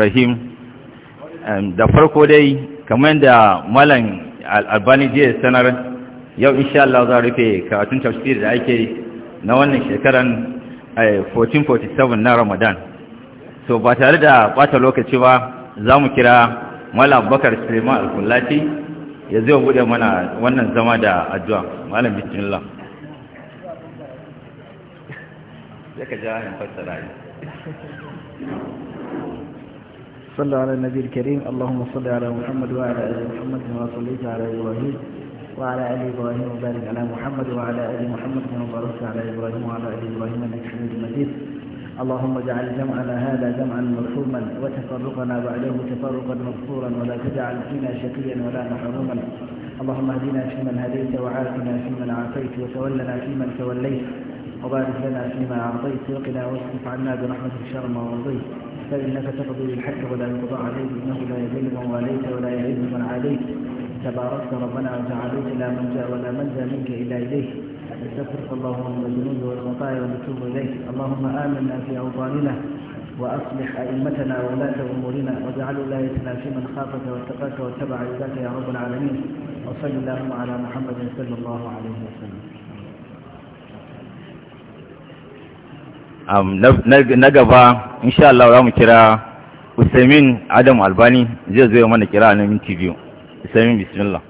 rahim da farko dai kamar da malam albani jiya sanar yau insha Allah za a rufe karatun tafsir da ake na wannan shekaran 1447 eh, na ramadan so ba tare da bata lokaci ba za mu kira malam bakar suleiman al-kullati ya zai bude mana wannan zama da addu'a malam bismillah ya ka صلوا على النبي الكريم اللهم صل على محمد وعلى آل محمد كما صليت على إبراهيم وعلى آل إبراهيم وبارك على محمد وعلى آل محمد كما باركت على إبراهيم وعلى آل إبراهيم إنك حميد مجيد اللهم اجعل جمعنا هذا جمعا مرحوما وتفرقنا بعده تفرقا مغفورا ولا تجعل فينا شقيا ولا محروما اللهم اهدنا فيمن هديت وعافنا فيمن عافيت وتولنا فيمن توليت وبارك لنا فيما أعطيت وقنا واصرف عنا برحمتك شر ما رضيت فإنك تقضي الحق ولا يقضى عليك إنه لا يذل من واليت ولا يعز من عليك تباركت ربنا وتعاليت لا منجا ولا منجا منك إلا إليه استغفرك اللهم من الذنوب والخطايا ونتوب إليك اللهم آمنا في أوطاننا وأصلح أئمتنا وولاة أمورنا واجعل ولايتنا في من خافك واتقاك واتبع عزاك يا رب العالمين وصل اللهم على محمد صلى الله عليه وسلم na gaba insha Allah za mu kira Usaimin Adam Albani zai zo mana kira na minti biyu Usaimin bismillah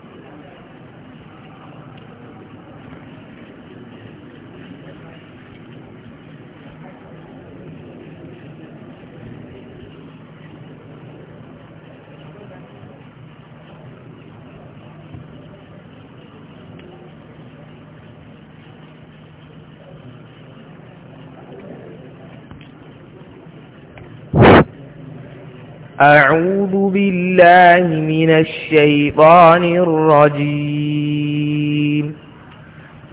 أعوذ بالله من الشيطان الرجيم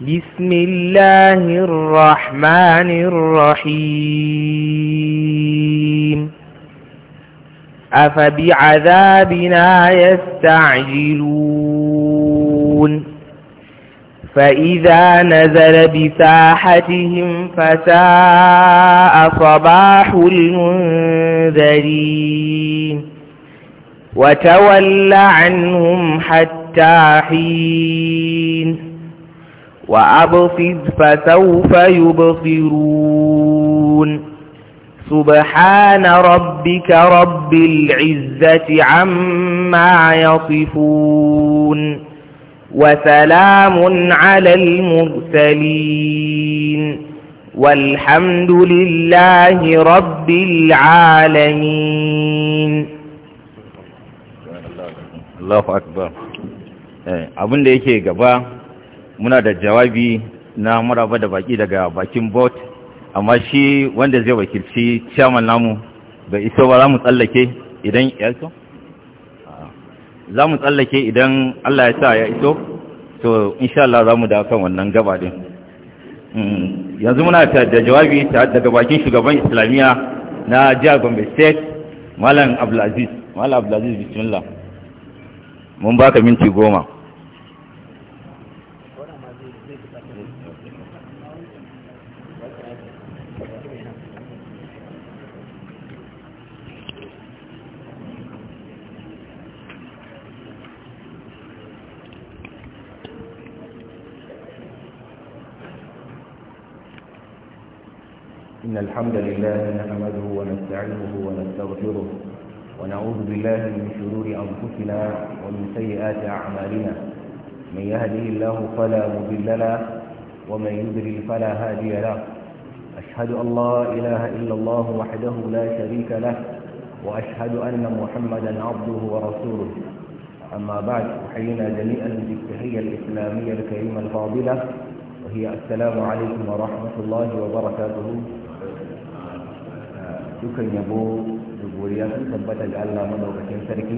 بسم الله الرحمن الرحيم أفبعذابنا يستعجلون فإذا نزل بساحتهم فساء صباح المنذرين وتول عنهم حتى حين وأبصد فسوف يبصرون سبحان ربك رب العزة عما يصفون وسلام على المرسلين والحمد لله رب العالمين eh, abin da yake gaba muna da jawabi na maraba da baki daga bakin bot amma shi wanda zai wakilci chairman namu bai iso ba za mu tsallake idan yarso za mu tsallake idan Allah ya sa ya iso to insha Allah za mu da kan wannan gaba din mm, yanzu muna da jawabi daga bakin shugaban islamiyya na jihar gombe state malam abdulaziz malam abdulaziz bismillah mun baka minti goma الحمد لله نحمده ونستعينه ونستغفره ونعوذ بالله من شرور أنفسنا ومن سيئات أعمالنا من يهده الله فلا مضل له ومن يضلل فلا هادي له أشهد أن لا إله إلا الله وحده لا شريك له وأشهد أن محمدا عبده ورسوله أما بعد أحيينا جميعا بالتحية الإسلامية الكريمة الفاضلة وهي السلام عليكم ورحمة الله وبركاته dukan yabo da goriya sun tabbata ga Allah madaukakin sarki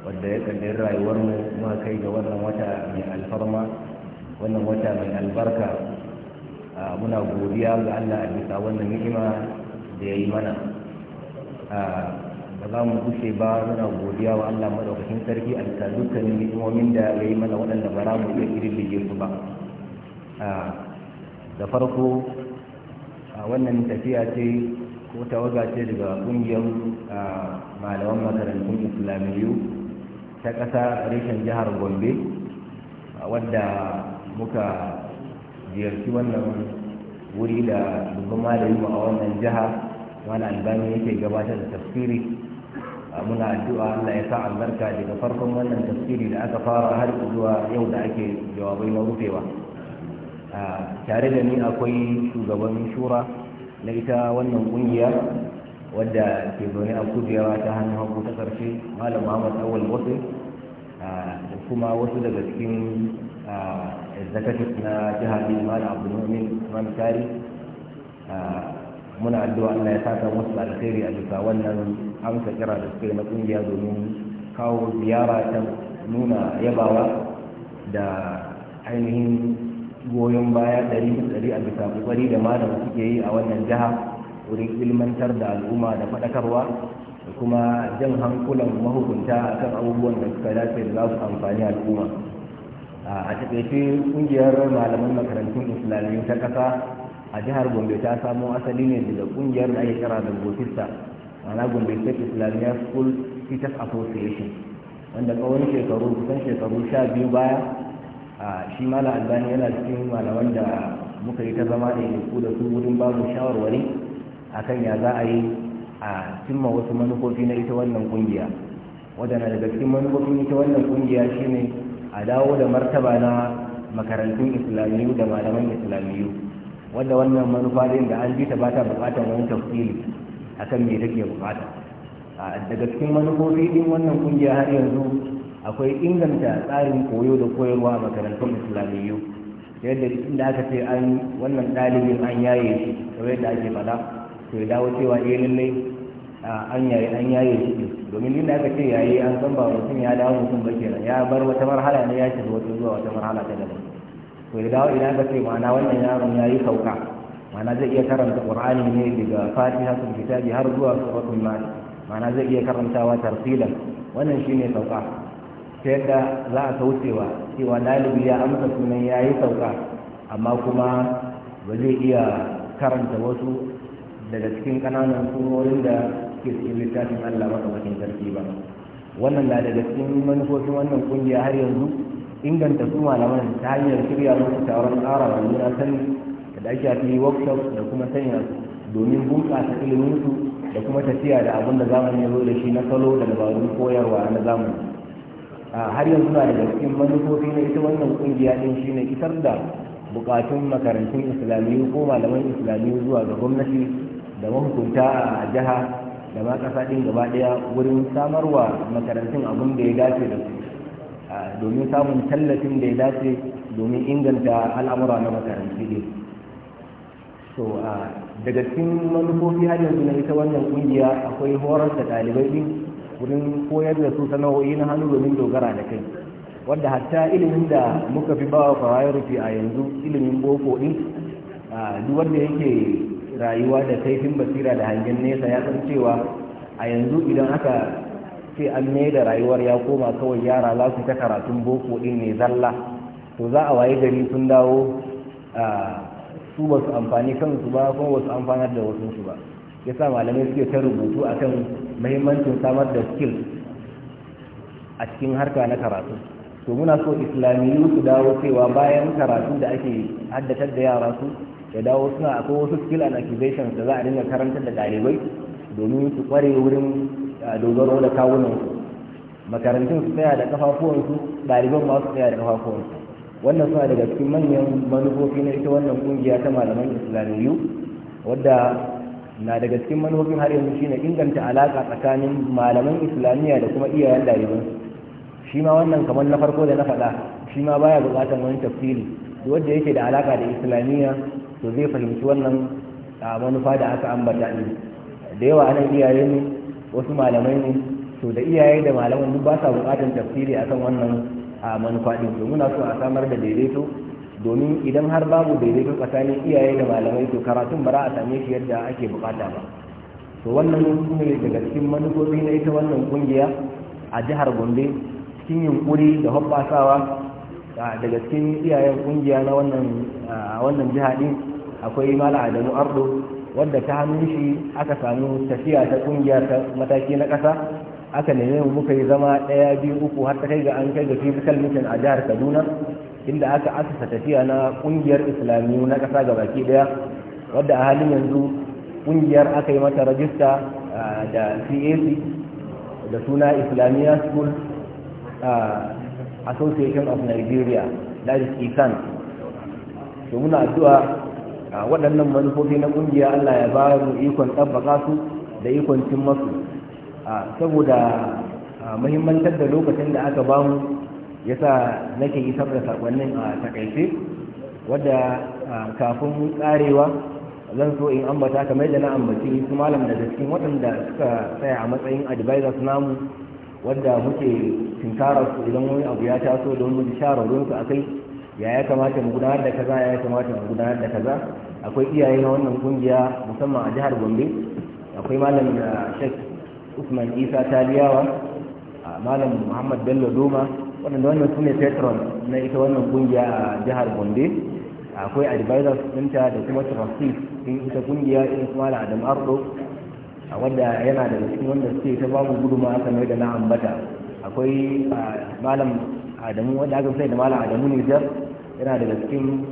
wanda ya kaddar rayuwar mu kuma kai ga wannan wata mai alfarma wannan wata mai albarka muna godiya ga Allah a bisa wannan ni'ima da ya yi mana ba za mu kushe ba muna godiya wa Allah madaukakin sarki a bisa dukkanin ni'imomin da ya yi mana waɗanda ba za mu iya kirlige su ba da farko wannan tafiya ce ko waga ce daga kungiyar malaman makarantun islamiyu ta kasa reshen jihar gombe wadda muka ziyarci wannan wuri da dubban malayi a wannan jiha wani albani yake gabatar da tafsiri muna addu'a Allah ya sa albarka daga farkon wannan tafsiri da aka fara har zuwa yau da ake jawabai na rufewa tare da ni akwai shugaban shura na ita wannan kungiya wadda ke zaune a kujewa ta hannun hagu ta karshe malam muhammad awal wasu da kuma wasu daga cikin executive na jihar bin malam nomin imam tari muna addu'a allah ya saka wasu alkhairi a bisa wannan amsa kira da suka yi na kungiya domin kawo ziyara ta nuna yabawa da ainihin goyon baya ɗari ɗari a bisa ƙoƙari da malam suke yi a wannan jiha wurin ilmantar da al'umma da faɗakarwa da kuma jan hankulan mahukunta a kan abubuwan da suka dace da za su amfani al'umma a taƙaice ƙungiyar malaman makarantun islamiyyu ta ƙasa a jihar gombe ta samo asali ne daga ƙungiyar da ake kira da gofista ma'ana gombe state islamiyya school teachers association wanda tsawon shekaru kusan shekaru sha biyu baya shi mala albani yana cikin malaman da muka yi ta zama da ku da su wurin babu shawarwari A kan ya za a yi a cimma wasu manufofi na ita wannan kungiya wadana daga cikin manufofin ita wannan kungiya shine a dawo da martaba na makarantun islamiyu da malaman islamiyu wanda wannan manufa din da an ji ta bata bukatar wani tafsiri kan me take bukata daga cikin manufofi din wannan kungiya har yanzu akwai inganta tsarin koyo da koyarwa a makarantun islamiyyu yadda inda aka ce an wannan ɗalibin an yaye shi kamar yadda ake faɗa to ya dawo cewa eh lallai an yaye an yaye shi domin inda aka ce yaye an san ba mutum ya dawo mutum ba kenan ya bar wata marhala ne ya shiga wata zuwa wata marhala ta daban to ya dawo idan aka ce ma'ana wannan yaron ya yi sauka ma'ana zai iya karanta qur'ani ne daga fatiha sun kitabi har zuwa suratul ma'ana ma'ana zai iya karantawa tarsilan wannan shine sauka ta yadda za a kaucewa cewa ɗalibi ya amsa sunan ya yi sauka amma kuma ba zai iya karanta wasu daga cikin ƙananan sunorin da ke cikin littafin Allah bakin sarki ba wannan na daga cikin manufofin wannan ƙungiya har yanzu inganta su malaman ta hanyar shirya musu taron tsara wa juna sani da ake fili workshop da kuma sanya domin bunƙasa iliminsu da kuma tafiya da abin da zamani ya zo da shi na salo da dabarun koyarwa na zamani har yanzu na daga cikin manufofi na ita wannan kungiya din shine isar da bukatun makarantun islamiyu ko malaman islamiyu zuwa ga gwamnati da mahukunta a jiha da ma kasa din gaba daya wurin samarwa makarantun abin da ya dace da su domin samun tallafin da ya dace domin inganta al'amura na makarantu din so daga cikin manufofi har yanzu na ita wannan kungiya akwai horar da ɗalibai din wurin koyar da su sana'o'i na hannu domin dogara da kai wadda hatta ilimin da muka fi bawa kawai a yanzu ilimin boko din duk wanda yake rayuwa da kaifin basira da hangen nesa ya san cewa a yanzu idan aka ce an ne da rayuwar ya koma kawai yara za su ta karatun boko din ne zalla to za a waye gari sun dawo su ba su amfani kansu ba kuma ba su amfanar da wasu ba ya sa malamai suke ta rubutu akan mahimmancin samar da skill a cikin harka na karatu to muna so islamiyu su dawo cewa bayan karatu da ake haddatar da yara su ya dawo suna akwai wasu skill and accusations da za a dinga karantar da ɗalibai domin su kware wurin ah, dogaro da kawunan su makarantun su tsaya da kafafuwansu ɗaliban ma su tsaya da kafafuwansu wannan suna daga cikin manyan manufofi na ita wannan kungiya ta malaman islamiyu wadda na daga cikin manufofin har yanzu shine inganta alaka tsakanin malaman islamiyya da kuma iyayen ɗaliban shi ma wannan kamar na farko da na faɗa shi ma baya buƙatar wani tafsiri wanda yake da alaka da islamiyya to zai fahimci wannan manufa da aka ambata ne da yawa anan iyaye ne wasu malamai ne to da iyaye da malaman duk ba sa buƙatar tafsiri akan wannan manufa ɗin to muna so a samar da daidaito domin idan har babu daidaito tsakanin iyaye da malamai to karatun ba za a same shi yadda ake bukata ba to wannan su ne daga cikin manufofi na ita wannan kungiya a jihar gombe cikin yunkuri da hobbasawa daga cikin iyayen kungiya na wannan jiha din akwai mala adamu ardo wadda ta hannun shi aka samu tafiya ta kungiya ta mataki na ƙasa aka neme mu muka yi zama ɗaya biyu uku har ta kai ga an kai ga physical mission a jihar kaduna inda aka asasa tafiya na kungiyar islamiyu na kasa ga baki daya wadda a halin yanzu kungiyar aka yi mata rajista da cac da suna islamiyya school association of nigeria da isan to muna addu'a waɗannan manufofi na kungiya allah ya ba mu ikon ɗabbaka su da ikon cin masu saboda mahimmantar da lokacin da aka bamu yasa nake isar da sakonnin a takaice wadda kafin karewa zan so in ambata kamar da na ambaci su malam daga cikin waɗanda suka tsaya a matsayin advisors namu wadda muke tinkara su idan wani abu ya taso don mu don su akai ya ya kamata mu gudanar da kaza ya ya kamata mu gudanar da kaza akwai iyaye na wannan kungiya musamman a jihar Gombe akwai malam Sheikh Usman Isa Taliyawa malam Muhammad Bello Doma waɗanda wannan su ne patron na ita wannan kungiya a jihar gombe akwai advisors ɗinta da kuma trustees sun ita kungiya irin kuma da adam ardo wadda yana da cikin wanda suke ta babu guduma aka mai da na ambata akwai malam adamu wanda aka sai da malam adamu nijar yana daga cikin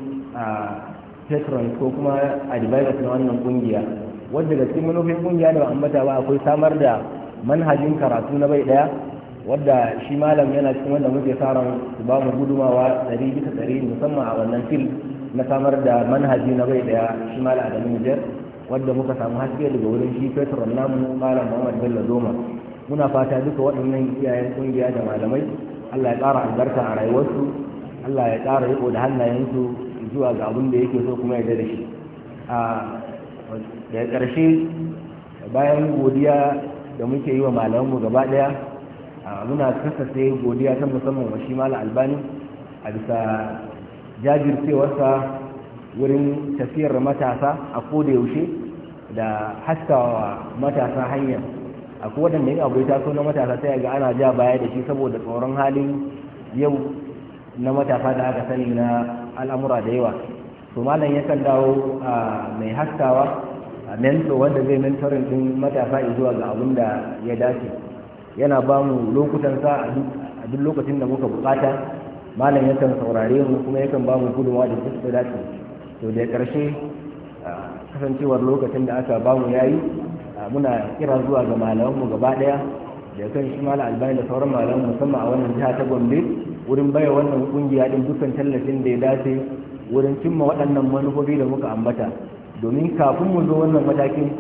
petron ko kuma advisors na wannan kungiya wadda da cikin manufin kungiya da ambata ba akwai samar da manhajin karatu na bai daya wadda shi malam yana cikin wanda muke tsaron su ba mu gudumawa ɗari bisa ɗari musamman a wannan fil na samar da manhaji na bai daya shi malam adamu nijar wadda muka samu haske daga wurin shi fetur namu malam muhammad bello zoma muna fata duka waɗannan iyayen ƙungiya da malamai allah ya ƙara albarka a rayuwarsu allah ya ƙara riƙo da hannayensu zuwa ga abun da yake so kuma ya da shi a daga ƙarshe bayan godiya da muke yi wa malamanmu gaba ɗaya muna kasa sai godiya ta musamman wa shi mala albani a bisa jajircewarsa wurin tafiyar matasa a koda yaushe da haskawa matasa hanya akwai waɗanda yin abu taso na matasa sai ga ana ja baya da shi saboda tsoron halin yau na matasa da aka sani na al'amura da yawa to malam yakan dawo mai haskawa mentor wanda zai mentorin din matasa zuwa ga abin da ya dace yana ba mu sa a duk lokacin da muka bukata malam yakan saurare mu kuma yakan ba mu gudunwa da duk da to da karshe kasancewar lokacin da aka ba mu yayi muna kira zuwa ga malamanmu gaba daya da kan shi malam albani da sauran malaman musamman a wannan jiha ta gombe wurin baya wannan kungiya din dukkan tallafin da ya dace wurin cimma waɗannan manufofi da muka ambata domin kafin mu zo wannan matakin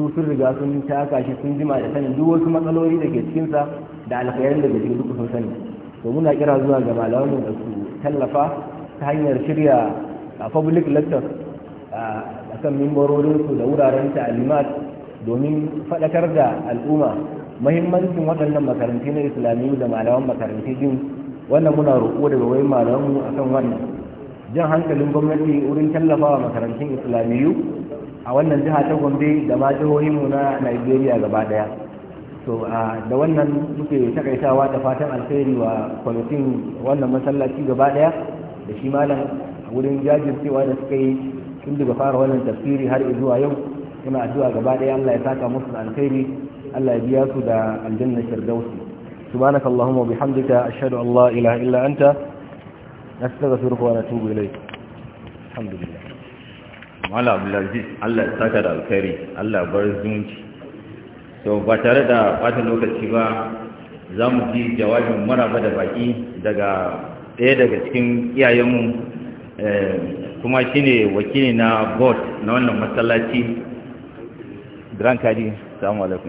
su sun riga sun taka shi sun jima da sanin duk wasu matsaloli da ke cikinsa da alkhairin da ke duka sun sani to muna kira zuwa ga malaman da su tallafa ta hanyar shirya a public lecture a kan mimbarorinsu da wuraren ta'alimat domin faɗakar da al'umma mahimmancin waɗannan makarantu na islamiyu da malaman makarantu jin wannan muna roƙo daga wai malamanmu akan wannan jan hankalin gwamnati wurin tallafawa makarantun islamiyu a wannan jiha ta gombe da ma mu na nigeria gaba daya to da wannan muke takaitawa da fatan alkhairi wa kwamitin wannan masallaci gaba daya da shi malam wurin jajircewa da suka yi tun daga fara wannan tafsiri har zuwa yau muna addu'a gaba daya Allah ya saka musu alkhairi Allah ya biya su da aljanna firdausi subhanaka allahumma bihamdika ashhadu an la ilaha illa anta nastaghfiruka wa natubu ilayk alhamdulillah mala abdulaziz allah ya saka da alkhairi allah bar zumunci to ba tare da wata lokaci ba za mu ji jawabin maraba da baki daga ɗaya daga cikin iyayenmu eh, kuma shi ne wakili na board na wannan masallaci Grand Kadi, salamu alaikum,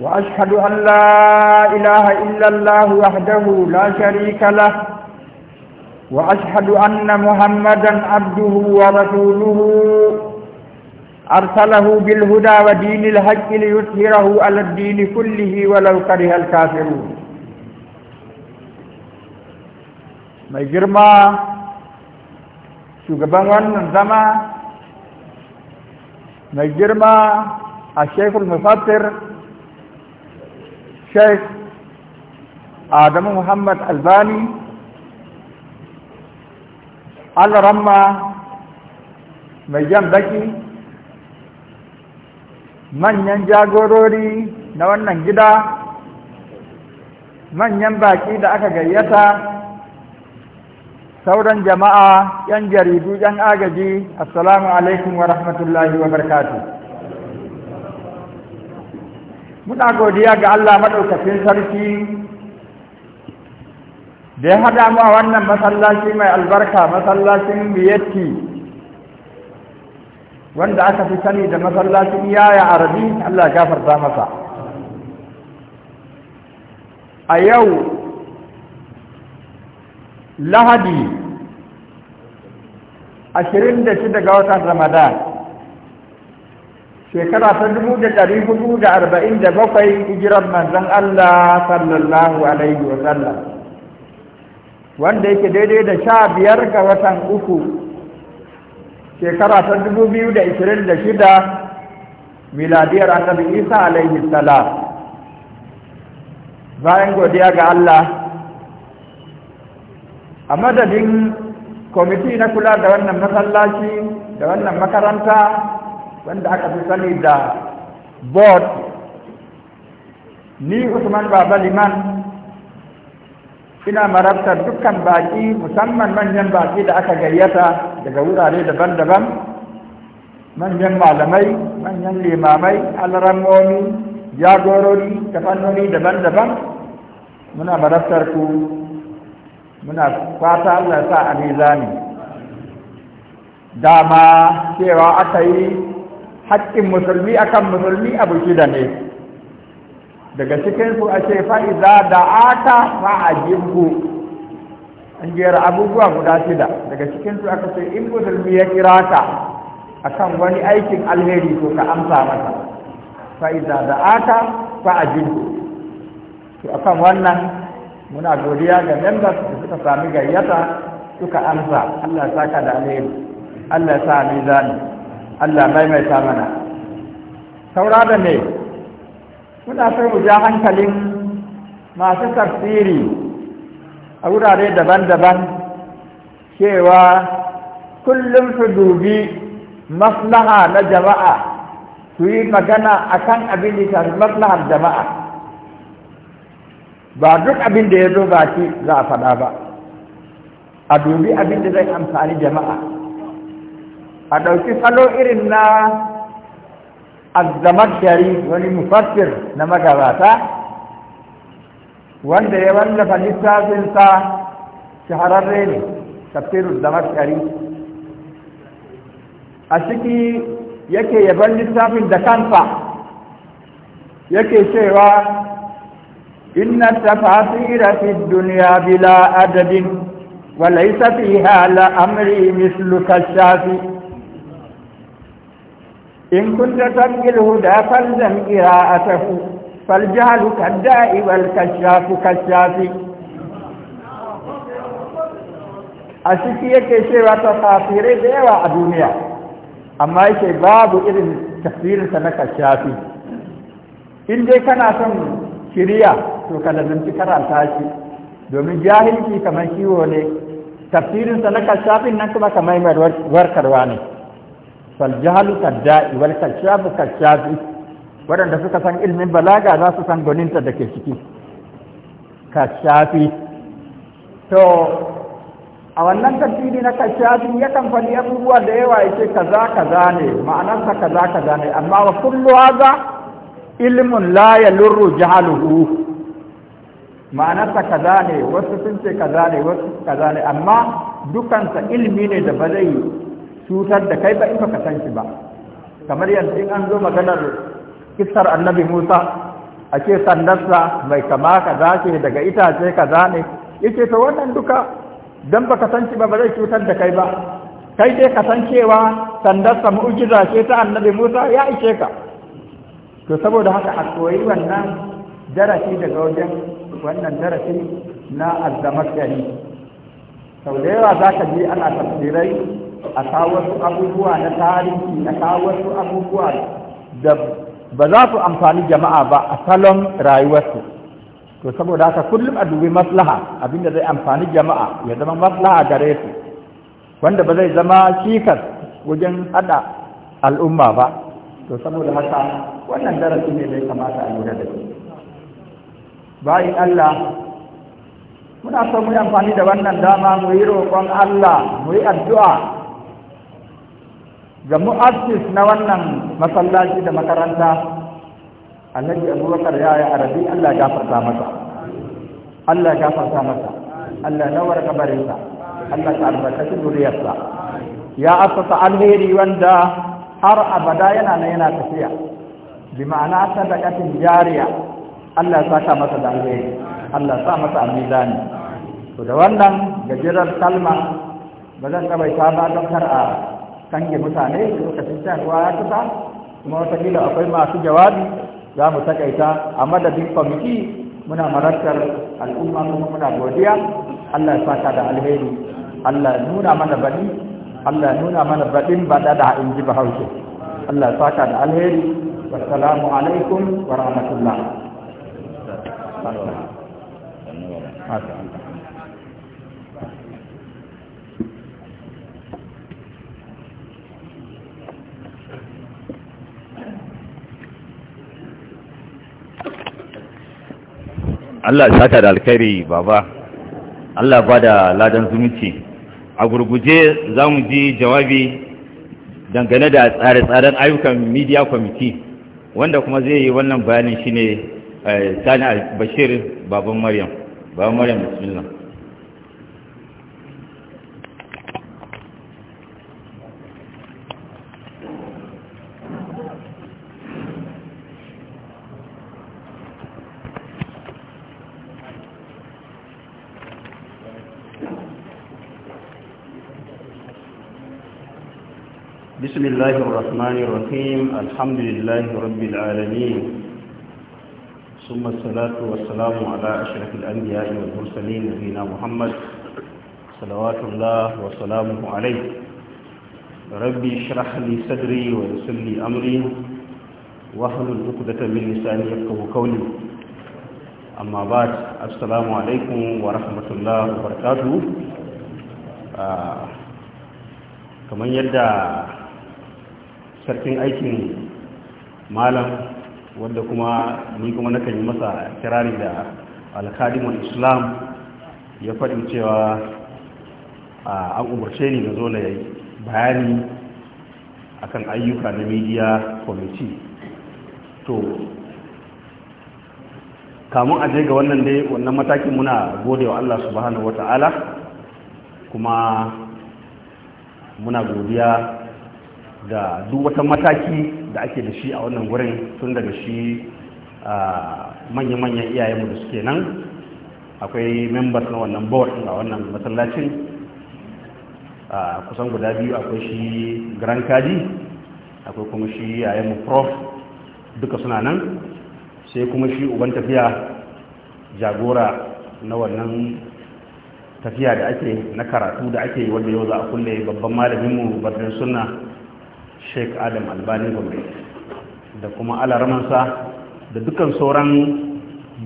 وأشهد أن لا إله إلا الله وحده لا شريك له وأشهد أن محمدا عبده ورسوله أرسله بالهدى ودين الحق ليظهره على الدين كله ولو كره الكافرون mai girma shugaban wannan zama mai sheikh adamu muhammad albani ramma mai jan baki manyan jagorori na wannan gida manyan baki da aka gayyata sauran jama'a 'yan jaridu 'yan agaji assalamu alaikum wa rahmatullahi wa barkatu muna godiya ga Allah maɗaukacin sarki da ya haɗa mu a wannan masallaci mai albarka masallacin biyatti wanda aka fi sani da masallacin yaya arabi Allah gafarta masa a yau lahadi 26 ga watan ramadan shekara ta dubu da ɗari hudu da arba'in da bakwai hijirar manzan Allah sallallahu alaihi wa sallam wanda yake daidai da sha biyar ga watan uku shekara ta dubu biyu da ishirin da shida miladiyar annabi isa alaihi salam bayan godiya ga Allah a madadin kwamiti na kula da wannan masallaci da wannan makaranta wanda aka fi sani da board ni usman baba liman ina marabtar dukkan baƙi musamman manyan baƙi da aka gayyata daga wurare daban-daban manyan malamai manyan limamai alramomi jagorori da fannoni daban-daban muna marabtar ku muna fata allah sa a ne dama cewa aka yi haƙƙin musulmi akan musulmi abu shida ne daga cikinsu a ce fa'iza da aka fa'ajinku an jera abubuwa guda shida daga cikinsu aka ce in musulmi ya kira ka akan wani aikin alheri ko ka amsa masa fa'iza da aka fa'ajinku to akan wannan muna godiya ga members da suka sami gayyata suka amsa allah saka da alheri allah sa zani Allah maimaita mana saura da ne muna so mu ja hankalin masu tafsiri a wurare daban-daban cewa kullum su dubi maslaha na jama'a su yi magana a kan abin da shafi maslahar jama'a ba duk abin da ya zo baki za a faɗa ba a dubi abin da zai amfani jama'a a ɗauki salo irin na azzamadari wani mufassir na magabata wanda ya wallafa littafinsa shahararre ne tafsirul zamadari a ciki yake yaban littafin da kansa yake cewa inna tafasira fi duniya bila adadin wa laysa fiha la amri misluka shafi إن كنت تبغي الهدى فالزم قراءته فالجهل كالداء والكشاف كالشاف a ciki yake cewa ta kafirai da yawa a duniya amma yake babu irin tafsirinsa na kashafi in dai kana son shirya to ka lazimci karanta shi domin jahilki kamar kiwo ne tafsirinsa na kashafin nan kuma kamar warkarwa ne faljahalu kadda'i wal kashabu kashabi waɗanda suka san ilmin balaga za su san gwaninta da ke ciki kashafi to a wannan tafsiri na kashafi ya kan faɗi abubuwa da yawa yake kaza kaza ne ma'anarsa kaza kaza ne amma wa kullu haza ilmun la yalurru jahaluhu ma'anarsa kaza ne wasu sun ce kaza ne wasu kaza ne amma dukansa ilmi ne da ba zai cutar da kai ba in baka san shi ba kamar yanzu in an zo maganar kisar annabi Musa a ce sandarsa mai kama kaza ce daga itace kaza ne yace to wannan duka dan baka san shi ba ba zai cutar da kai ba kai dai ka san cewa sandarsa mu'jiza ce ta annabi Musa ya ishe ka to saboda haka a koyi wannan darasi daga wajen wannan darasi na azzamar sau da yawa za ka ji ana tafsirai a kawo wasu abubuwa na tarihi a kawo wasu abubuwa da ba za su amfani jama'a ba a salon rayuwarsu to saboda haka kullum a dubi maslaha abinda zai amfani jama'a ya zama maslaha gare su wanda ba zai zama cikas wajen hada al'umma ba to saboda haka wannan darasi ne zai kamata a lura da shi bayan Allah muna son mu yi amfani da wannan dama mu yi roƙon Allah mu yi addu'a ga mu'assis na wannan masallaci da makaranta alhaji abubakar ya yi arabi allah ya gafarta masa allah ya gafarta masa allah ya warka barinsa allah ka albarkaci zuriyarsa ya asasa alheri wanda har abada yana nan yana tafiya bi ma'ana sadaqatin jariya allah ya saka masa da alheri allah ya sa masa amizani to da wannan gajerar kalma ba zan tabaita ba don kar'a a kange mutane lokacin sayarwa ya kusa kuma watakila akwai masu jawabi za mu takaita a madadin kwamiti muna marattar al'umma kuma muna godiya Allah ya saka da alheri Allah ya nuna mana baɗi Allah ya nuna mana baɗin baɗa da in ji bahaushe Allah ya saka da alheri wassalamu alaikum wa rahmatullah Allah sata da alkhairi baba Allah bada ladan zumunci a gurguje za mu ji jawabi dangane da tsare-tsaren ayyukan media committee wanda kuma zai yi wannan bayanin shine eh, sani bashir baban maryam baban maryam bismillah بسم الله الرحمن الرحيم الحمد لله رب العالمين ثم الصلاة والسلام على أشرف الأنبياء والمرسلين نبينا محمد صلوات الله وسلامه عليه ربي اشرح لي صدري ويسر لي أمري واحلل عقدة من لساني يفقه قولي أما بعد السلام عليكم ورحمة الله وبركاته آه. kamar yadda sarkin aikin malam wanda kuma ni kuma na kan yi masa kirari da alkadimun islam ya faɗin cewa an umarce ni na zo na bayani akan ayyuka na media committee to kamun aje ga wannan dai wannan matakin muna gode wa Allah subhanahu ta'ala, kuma muna godiya da duk wata mataki da ake da shi a wannan gurin tun daga shi manya-manyan iyayenmu da suke nan akwai members na wannan board a wannan masallacin kusan guda biyu akwai shi grand kaji akwai kuma shi yayanmu prof duka suna nan sai kuma shi uban tafiya jagora na wannan tafiya da ake na karatu da ake wanda yau za a kulle babban malaminmu babban suna sheik adam albani gombe da kuma alaramansa da dukkan sauran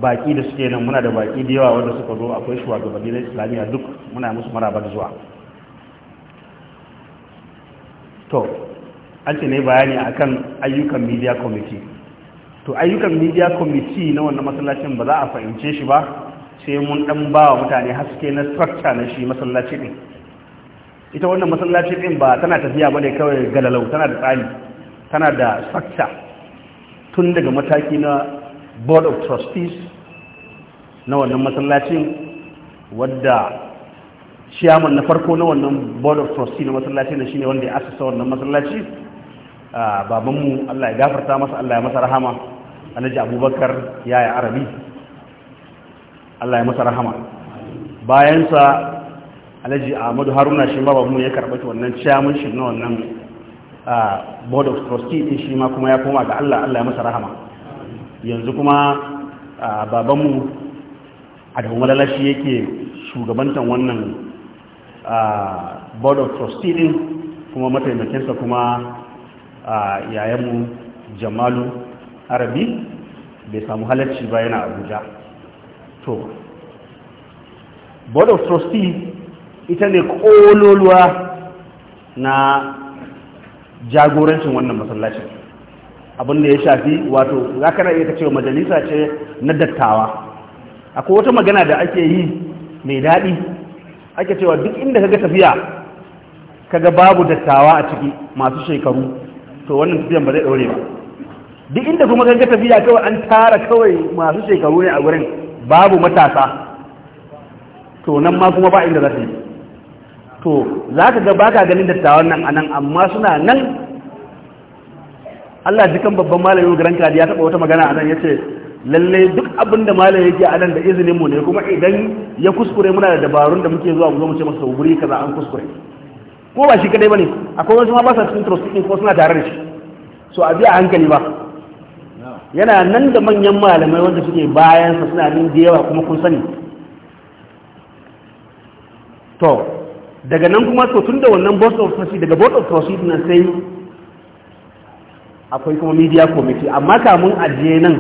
baki da suke nan muna da baki da yawa wanda suka zo akwai shugabanni na islamiyya duk muna musu maraba da zuwa to an ce ne bayani akan ayyukan media committee to ayyukan media committee na wannan masallacin ba za a fahimce shi ba sai mun dan ba wa mutane haske na structure na shi masallaci din ita wannan masallaci din ba tana tafiya ba ne kawai galalau tana da tsari tana da structure tun daga mataki na board of trustees na wannan masallacin wadda chairman na farko na wannan board of trustees na masallaci ne shine wanda ya asasa wannan masallaci ah, babanmu Allah ya gafarta masa Allah ya masa rahama Alhaji Abubakar yaya Arabi Allah ya masa rahama bayan sa. alhaji ahmadu haruna shi ma mu ya karɓi wannan shi na wannan board of trustee din shi ma kuma ya koma ga allah allah ya masa rahama yanzu kuma babanmu a da malala shi yake shugabantan wannan board of trustee din kuma mataimakinsa kuma yayanmu jamalu arabi bai samu halarci ba yana abuja to board of trustee ita ne kololuwa na jagorancin wannan masallacin abin da ya shafi wato za ka iya ta cewa majalisa ce na dattawa akwai wata magana da ake yi mai daɗi ake cewa duk inda kaga tafiya kaga babu dattawa a ciki masu shekaru to wannan tafiyan ba zai ɗaure ba duk inda kuma kaga tafiya kawai an tara kawai masu shekaru ne a wurin babu matasa to nan ma kuma ba inda za ta yi to za ka ga baka ganin dattawan nan anan amma suna nan Allah jikan babban malamin garan kadi ya taɓa wata magana anan ya ce lalle duk abin da ya yake anan da izinin mu ne kuma idan ya kuskure muna da dabarun da muke zuwa mu zo mu ce masa wuri kaza an kuskure ko ba shi kadai bane akwai wasu ma ba sa cikin trust ko suna tare da shi so a biya hankali ba yana nan da manyan malamai wanda suke bayan sa suna nin da yawa kuma kun sani to daga nan kuma to tun da wannan board of trustees daga board of trustees na sai akwai kuma media committee amma kamun ajiye nan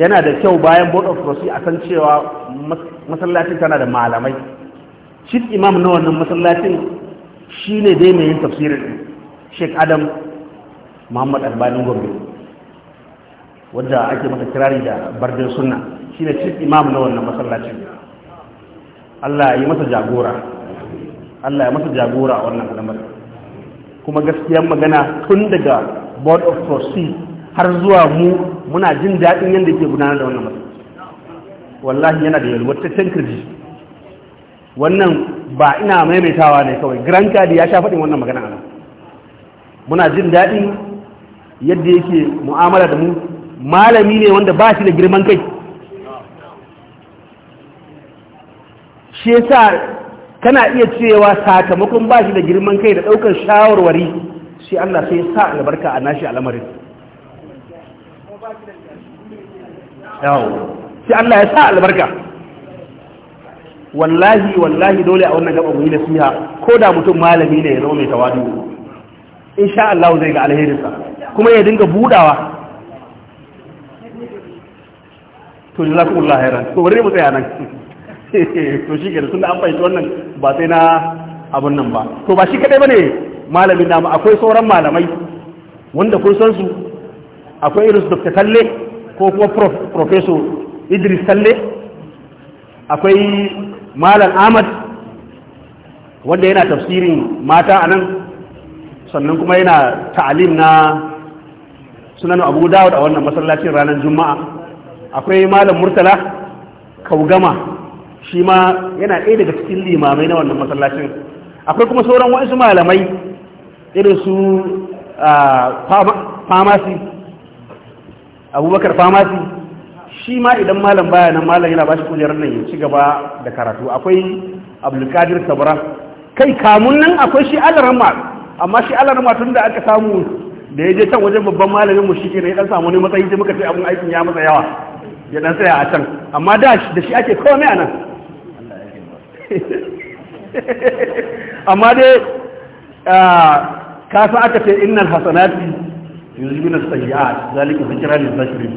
yana da kyau bayan board of trustees a san cewa masallacin tana da malamai chief imam na wannan masallacin shine dai mai yin tafsirin sheikh adam muhammad albani gombe wadda ake masa kirari da bardin sunna shine chief imam na wannan masallacin allah yi masa jagora Allah ya masa jagora a wannan alamar kuma gaskiyar magana tun daga board of trustees har zuwa mu muna jin daɗin yadda ke gudanar da wannan matsayi wallahi yana da ta kirji wannan ba ina maimaitawa ne kawai grand card ya sha faɗin wannan magana ana muna jin daɗin yadda yake mu'amala da mu malami ne wanda ba shi da girman kai shi yasa kana iya cewa sakamakon ba shi da girman kai da ɗaukar shawarwari shi Allah sai sa albarka a nashi al'amarin shi Allah ya sa albarka wallahi wallahi dole a wannan gaba mu yi nasiha ko da mutum malami ne ya zama mai tawadu insha Allah zai ga alherinsa kuma ya dinga budawa to jazakumullahu khairan to bari mu tsaya nan to shi ke da sun da an fahimci wannan ba sai na abun nan ba to ba shi kadai bane malamin namu akwai sauran malamai wanda kun san su akwai irin Dr. Talle ko kuma Professor Idris Talle akwai Malam Ahmad wanda yana tafsirin mata anan sannan kuma yana ta'alim na sunan Abu Dawud a wannan masallacin ranar Juma'a akwai Malam Murtala Kaugama shi ma yana ɗaya daga cikin limamai na wannan masallacin akwai kuma sauran waɗansu malamai irin su famasi abubakar famasi shi ma idan malam baya nan malam yana ba shi kujerar nan ya ci gaba da karatu akwai abulkadir sabra kai kamun nan akwai shi alarma amma shi alarma tun da aka samu da ya je can wajen babban malamin mu shi ke ya dan samu ne matsayi sai muka ce abun aikin ya masa yawa ya dan tsaya a can amma da shi ake komai a nan amma dai ka aka ce innal hasanati yuzibuna sayyi'at zalika zikra lil zakirin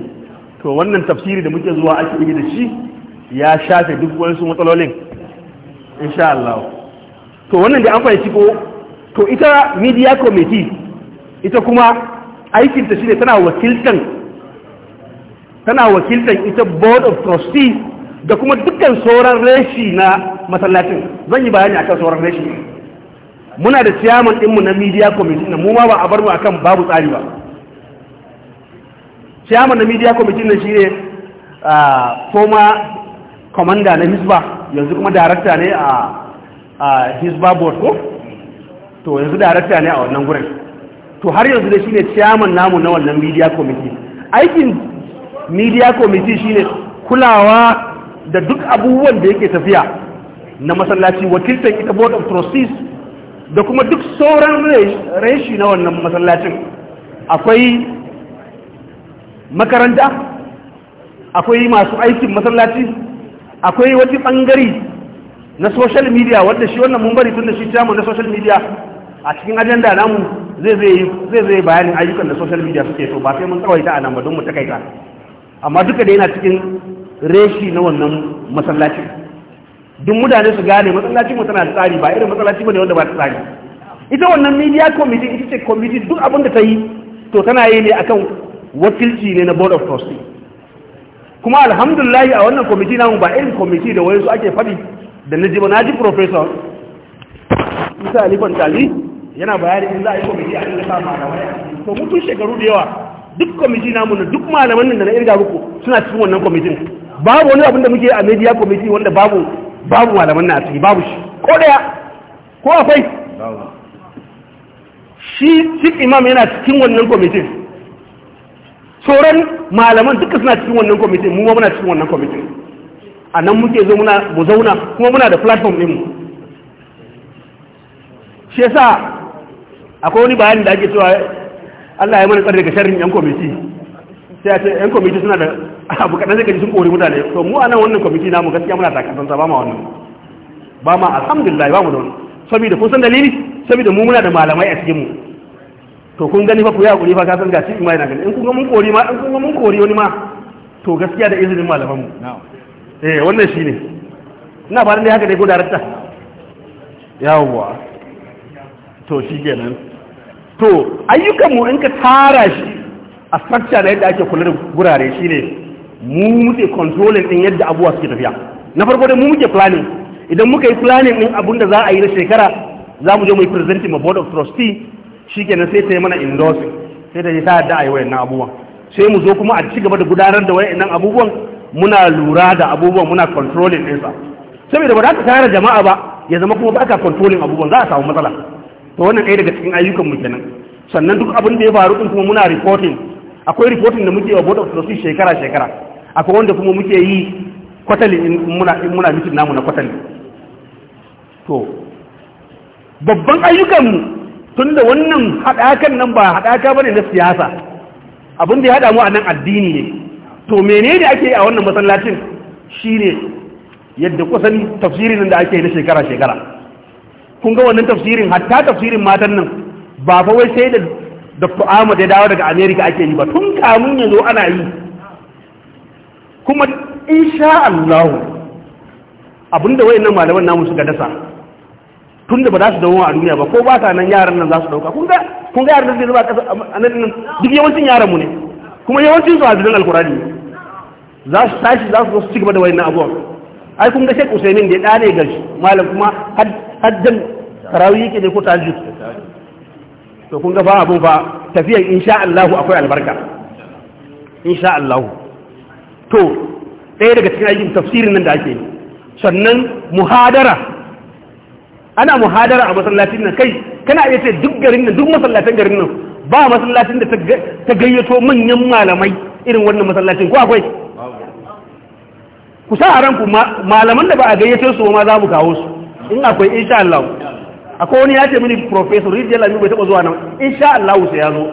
to wannan tafsiri da muke zuwa ake yi da shi ya shafe duk wani matsalolin insha Allah to wannan da an fahimci ko to ita media committee ita kuma aikinta shine tana wakiltan tana wakiltan ita board of trustees da kuma dukkan sauran reshi na masallacin zan yi bayani akan sauran reshi muna da chairman ɗinmu na media committee na mu ma ba a bar mu akan babu tsari ba Chairman na media committee na shi ne former commander na hisba yanzu kuma director ne a hisba board ko to yanzu director ne a wannan gurin to har yanzu da shi ne ciyaman namu na wannan media committee aikin media committee shine kulawa da duk abubuwan da yake tafiya na masallaci wakiltar ita board of trustees da kuma duk sauran reshi na wannan masallacin akwai makaranta akwai masu aikin masallaci akwai wata bangare na social media wadda shi wannan mun bari tun da shi tamu na social media a cikin ajanda namu zai zai bayanin ayyukan da social media suke so ba sai mun tsawaita a nan ba don mu takaita amma duka da yana cikin reshi na wannan masallaci duk mutane su gane matsalaci mu tana da tsari ba irin masallaci bane wanda ba ta tsari ita wannan media committee ita ce committee duk abin da ta yi to tana yi ne akan wakilci ne na board of trustees kuma alhamdulillah a wannan committee namu ba irin committee da wayansu ake faɗi da na jiba na ji professor isa alifan tali yana bayani in za a yi committee a inda sa malamai to mutum shekaru da yawa duk committee namu na duk malaman nan da na irga muku suna cikin wannan committee babu wani abin da muke a media committee wanda babu babu malaman na ciki babu shi ko daya ko akwai shi chief imam yana cikin wannan committee sauran malaman duka suna cikin wannan committee mu ma muna cikin wannan committee a nan muke zo muna mu zauna kuma muna da platform mu shi yasa akwai wani bayani da ake cewa Allah ya mana tsar daga sharrin yan committee sai a ce yan kwamiti suna da abu kaɗan zai gaji sun kori mutane to mu a nan wannan kwamiti namu gaskiya muna takasan ba ma wannan ba ma alhamdulillah ba mu da wani saboda kun san dalili saboda mu muna da malamai a cikin mu to kun gani fa ku ya kuri fa ka san cikin mai na gani in kun ga mun kori ma in kun ga mun kori wani ma to gaskiya da izinin malaman mu eh wannan shine ina ba dai haka dai ko darakta yawwa to shi kenan to ayyukan mu in ka tara shi a structure da yadda ake kula da gurare shine mu muke controlling din yadda abuwa suke tafiya na farko dai mu muke planning idan muka yi planning din abun da za a yi na shekara za mu je mu yi presenting ma board of trustee shikenan sai ta yi mana endorsing sai ta yi ta yadda a yi wayannan abubuwan sai mu zo kuma a ci gaba da gudanar da wayannan abubuwan muna lura da abubuwan muna controlling sa saboda ba za ka tara jama'a ba ya zama kuma ba ka controlling abubuwan za a samu matsala to wannan ɗaya daga cikin ayyukan mu kenan sannan duk abin da ya faru din kuma muna reporting akwai reporting da muke wa board of trustees shekara shekara akwai wanda kuma muke yi kwatali muna muna mitin namu na kwatali to babban ayyukanmu da wannan haɗakan nan ba haɗaka ba ne na siyasa abin da ya haɗa mu a nan addini ne to menene ake a wannan masallacin ne yadda kusan tafsirin da ake na shekara shekara kun ga wannan tafsirin hatta tafsirin matan nan ba fa wai sai da dr ahmad ya dawo daga america ake yi ba tun kamun yanzu ana yi kuma insha Allah abinda wayannan malaman namu suka dasa tun da ba za su dawo a duniya ba ko ba ta nan yaran nan za su dauka kun ga kun ga yaran da zuba kasa a nan duk yawancin yaran mu ne kuma yawancin su hadisan alqur'ani za su tashi za su zo su cigaba da wayannan abuwa ai kun ga Sheikh Usaimin da ya dane gashi malam kuma haddan tarawih yake ne ko tahajjud to kun ga ba abun fa tafiyan insha Allah akwai albarka insha Allah to ɗaya daga cikin ayyukan tafsirin nan da ake yi sannan muhadara ana muhadara a masallacin nan kai kana iya ce duk garin nan duk masallacin garin nan ba masallacin da ta gayyato manyan malamai irin wannan masallacin ko akwai ku sa a ranku malaman da ba a gayyato su ma za mu kawo su in akwai insha Allah akwai wani ya ce mini profesor rijiyar lami bai taba zuwa nan insha Allah sai ya zo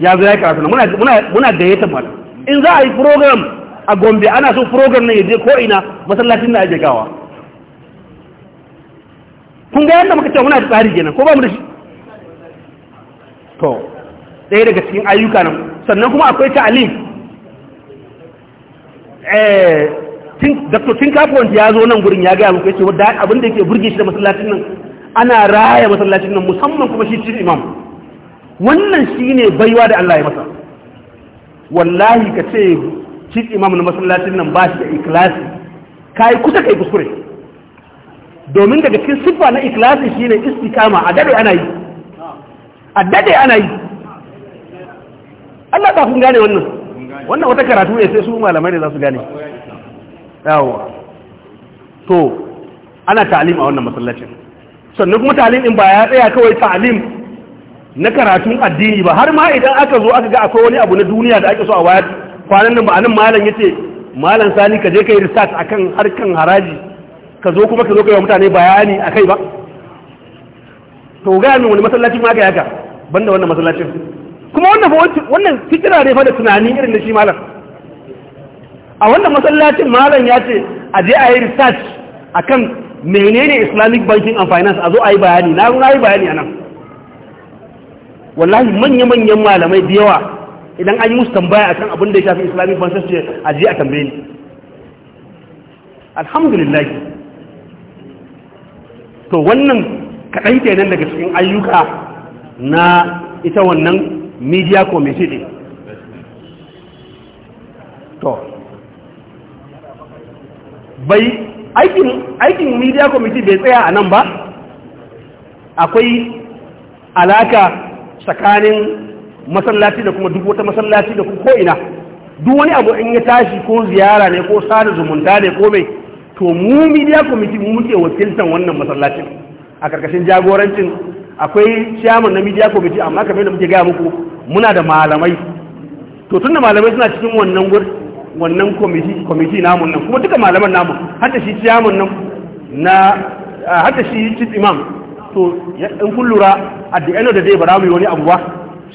ya zo ya karatu muna muna da ya malam in za a yi program a Gombe ana so program na yaje ko ina masallacin na ake gawa kun ga yadda muka ce muna da tsari kenan ko ba mu da shi to ɗaya daga cikin ayyuka nan sannan kuma akwai ta'alim eh dr tinkafu wanda ya zo nan gurin ya gaya muku ya ce wadda abin da yake burge shi da masallacin nan ana raya masallacin nan musamman kuma shi cin imam wannan shi ne baiwa da allah ya masa wallahi ka ce cin imam na masallacin nan ba shi da ikilasi ka yi kusa ka yi kuskure domin daga cikin siffa na ikilasi shi ne istikama a dade ana yi a dade ana yi allah ta kun gane wannan wannan wata karatu ne sai su malamai ne za su gane yawa to ana ta'alim a wannan masallacin sannan kuma ta'alim in ba ya tsaya kawai ta'alim na karatun addini ba har ma idan aka zo aka ga akwai wani abu na duniya da ake so a wayar kwanan nan ba anan malam yace malam sani ka je kai research akan harkan haraji ka zo kuma ka zo kai wa mutane bayani akai ba to ga min wani masallacin ma ka yaka banda wannan masallacin kuma wannan wannan fikira ne fa da tunani irin da shi malam a wannan masallacin malam ya ce a je a yi research a kan menene islamic banking and finance a zo a yi bayani na na yi bayani a nan wallahi manya-manyan malamai da yawa idan an yi musu tambaya a abin da ya shafi islamic banking ce a je a tambaye ni alhamdulillahi to wannan kaɗai kenan daga cikin ayyuka na ita wannan media committee to bai aikin aikin media committee bai tsaya a nan ba akwai alaka tsakanin masallaci da kuma duk wata masallaci da kuma ko'ina duk wani abu in ya tashi ko ziyara ne ko sada zumunta ne ko mai to mu media committee mu muke wakiltan wannan masallacin a karkashin jagorancin akwai chairman na media committee amma kamar da muke gaya muku muna da malamai to tunda malamai suna cikin wannan gurin wannan kwamiti namun nan kuma duka malaman namun hada shi ciyamun nan na hada shi chief imam to in kun lura at the end of the day ba za mu yi wani abu ba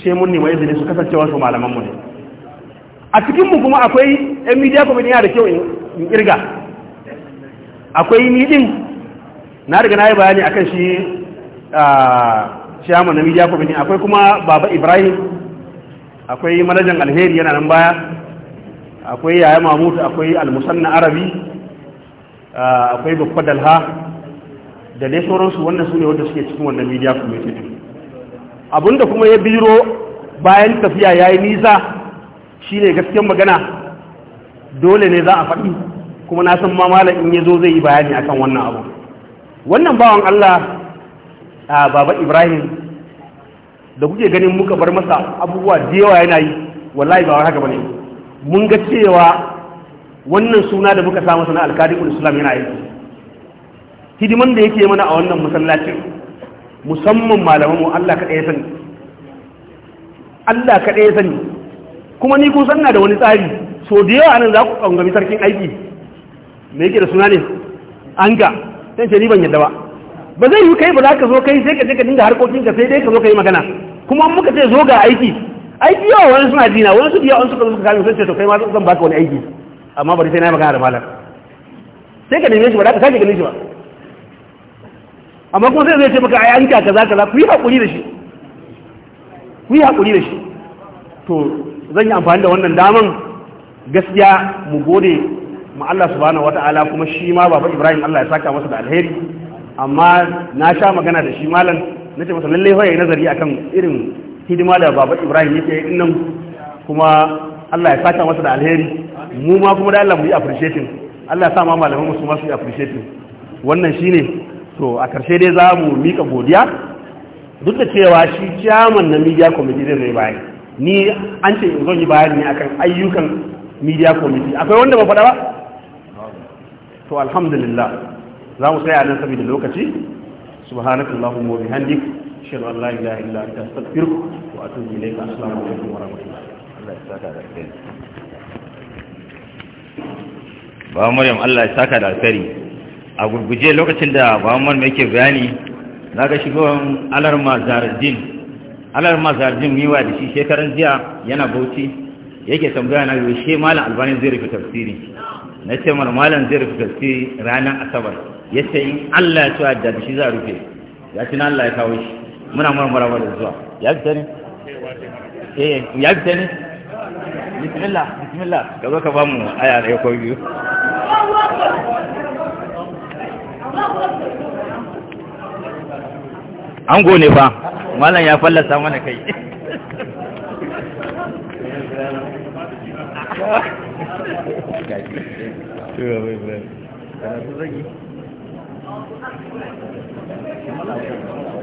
sai mun nema izini su kasancewa su malaman mu ne a cikin mu kuma akwai yan media committee yana da kyau in kirga akwai meeting na riga na yi bayani akan shi ciyamun na media committee akwai kuma baba ibrahim akwai manajan alheri yana nan baya akwai yaya mamutu akwai almusanna arabi ah, akwai Baffa dalha da dai sauransu wannan su ne wanda suke cikin wannan media committee abinda kuma ya biro bayan tafiya ya yi nisa shi ne gaskiyar magana dole ne za a faɗi kuma na san ma in ya zo zai yi bayani akan wannan abu wannan bawan allah ah, baba ibrahim da kuke ganin muka bar masa abubuwa da yawa yana yi wallahi ba haka ba ne mun ga cewa wannan suna da muka samu sana alkadikul islam yana aiki hidiman da yake mana a wannan masallacin musamman malaman mu Allah kaɗai ya sani Allah ya sani kuma ni kun sanna da wani tsari so da yawa nan za ku kangami sarkin aiki me yake da suna ne an ga sai ce ni ban yadda ba ba zai yi kai ba za ka zo kai sai ka je ka dinga harkokin sai dai ka zo ka yi magana kuma muka ce zo ga aiki ai biyo wani suna dina wani su biya wani suka zuka kamin sun ce to kai ma zan baka wani aiki amma bari sai na yi magana da malam sai ka neme shi ba da ka sake gani shi ba amma kuma sai zai ce maka a yanka ka ka za ku yi hakuri da shi ku yi hakuri da shi to zan yi amfani da wannan daman gaskiya mu gode ma Allah subhanahu wata'ala kuma shi ma baba Ibrahim Allah ya saka masa da alheri amma na sha magana da shi malam na ce masa lallai hoye nazari akan irin hidima da baba ibrahim yake yi nan kuma allah ya sata masa da alheri mu ma kuma da allah mu yi appreciating allah ya sa ma malaman musu masu yi appreciating wannan shine to a karshe dai za mu mika godiya duk da cewa shi chairman na media committee zai bayani ni an ce in zo yi bayani ne akan ayyukan media committee akwai wanda ba faɗa ba to alhamdulillah za mu tsaya nan saboda lokaci subhanakallahumma wa bihamdika أشهد أن لا إله إلا أنت أستغفرك وأتوب إليك السلام عليكم ورحمة الله rahmatullahi ya da ba Maryam Allah ya saka da alkari a gurguje lokacin da ba Maryam yake bayani na ga shigowan alar zardin alar zardin miwa da shi shekaran jiya yana bauchi yake tambaya na yaushe malam albani zai rufe tafsiri na ce mar malam zai rufe tafsiri ranar asabar ya sayi in Allah ya ci da shi za a rufe ya ci na Allah ya kawo shi muna murmura ba da zuwa ya fita ne eh ya fita ne bismillah bismillah ka zo ka ba mu aya da ko biyu an gone fa malam ya fallasa mana kai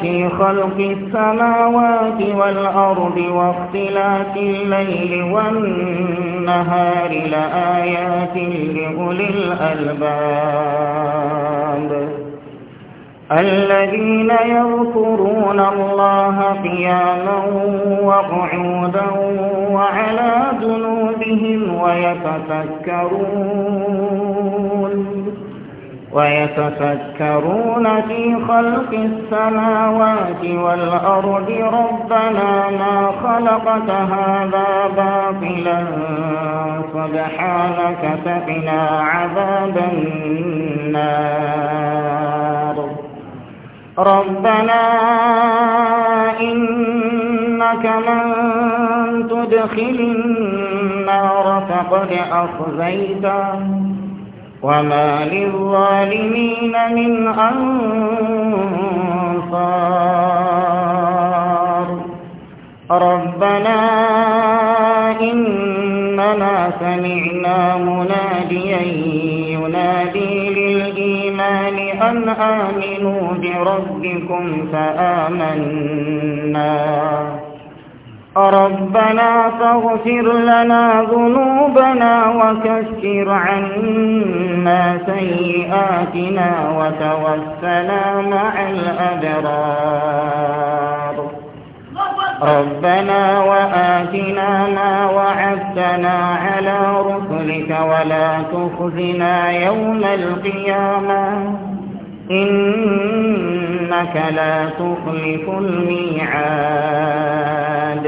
فِي خَلْقِ السَّمَاوَاتِ وَالْأَرْضِ وَاخْتِلَافِ اللَّيْلِ وَالنَّهَارِ لَآيَاتٍ لِأُولِي الْأَلْبَابِ الَّذِينَ يَذْكُرُونَ اللَّهَ قِيَامًا وَقُعُودًا وَعَلَى جُنُوبِهِمْ وَيَتَفَكَّرُونَ ويتفكرون في خلق السماوات والأرض ربنا ما خلقت هذا باطلا سبحانك فقنا عذاب النار ربنا إنك من تدخل النار فقد أخزيته وما للظالمين من أنصار ربنا إننا سمعنا مناديا ينادي للإيمان أن آمنوا بربكم فآمنا ربنا فاغفر لنا ذنوبنا وكفر عنا سيئاتنا وتوفنا مع الأبرار ربنا وآتنا ما وعدتنا على رسلك ولا تخزنا يوم القيامة إنك لا تخلف الميعاد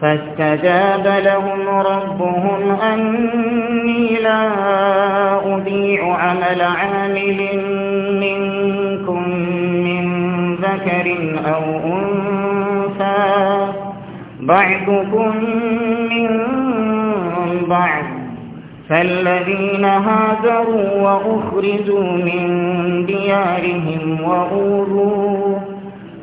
فاستجاب لهم ربهم أني لا أضيع عمل عامل منكم من ذكر أو أنثى بعضكم من بعض فالذين هاجروا وأخرجوا من ديارهم وأوذوا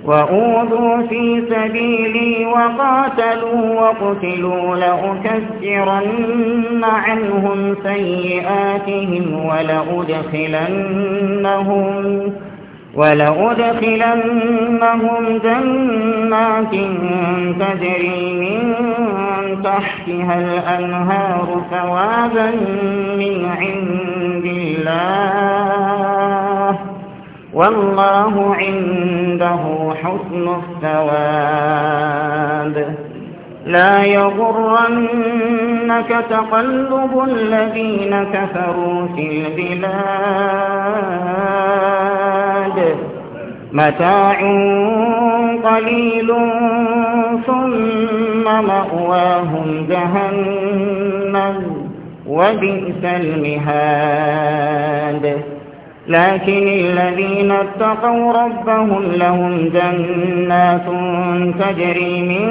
وأوذوا في سبيلي وقاتلوا وقتلوا لأكسرن عنهم سيئاتهم ولأدخلنهم ولأدخلنهم جنات تجري من تحتها الأنهار ثوابا من عند الله والله عنده حسن الثواب لا يغرنك تقلب الذين كفروا في البلاد متاع قليل ثم مأواهم جهنم وبئس المهاد لكن الذين اتقوا ربهم لهم جنات تجري من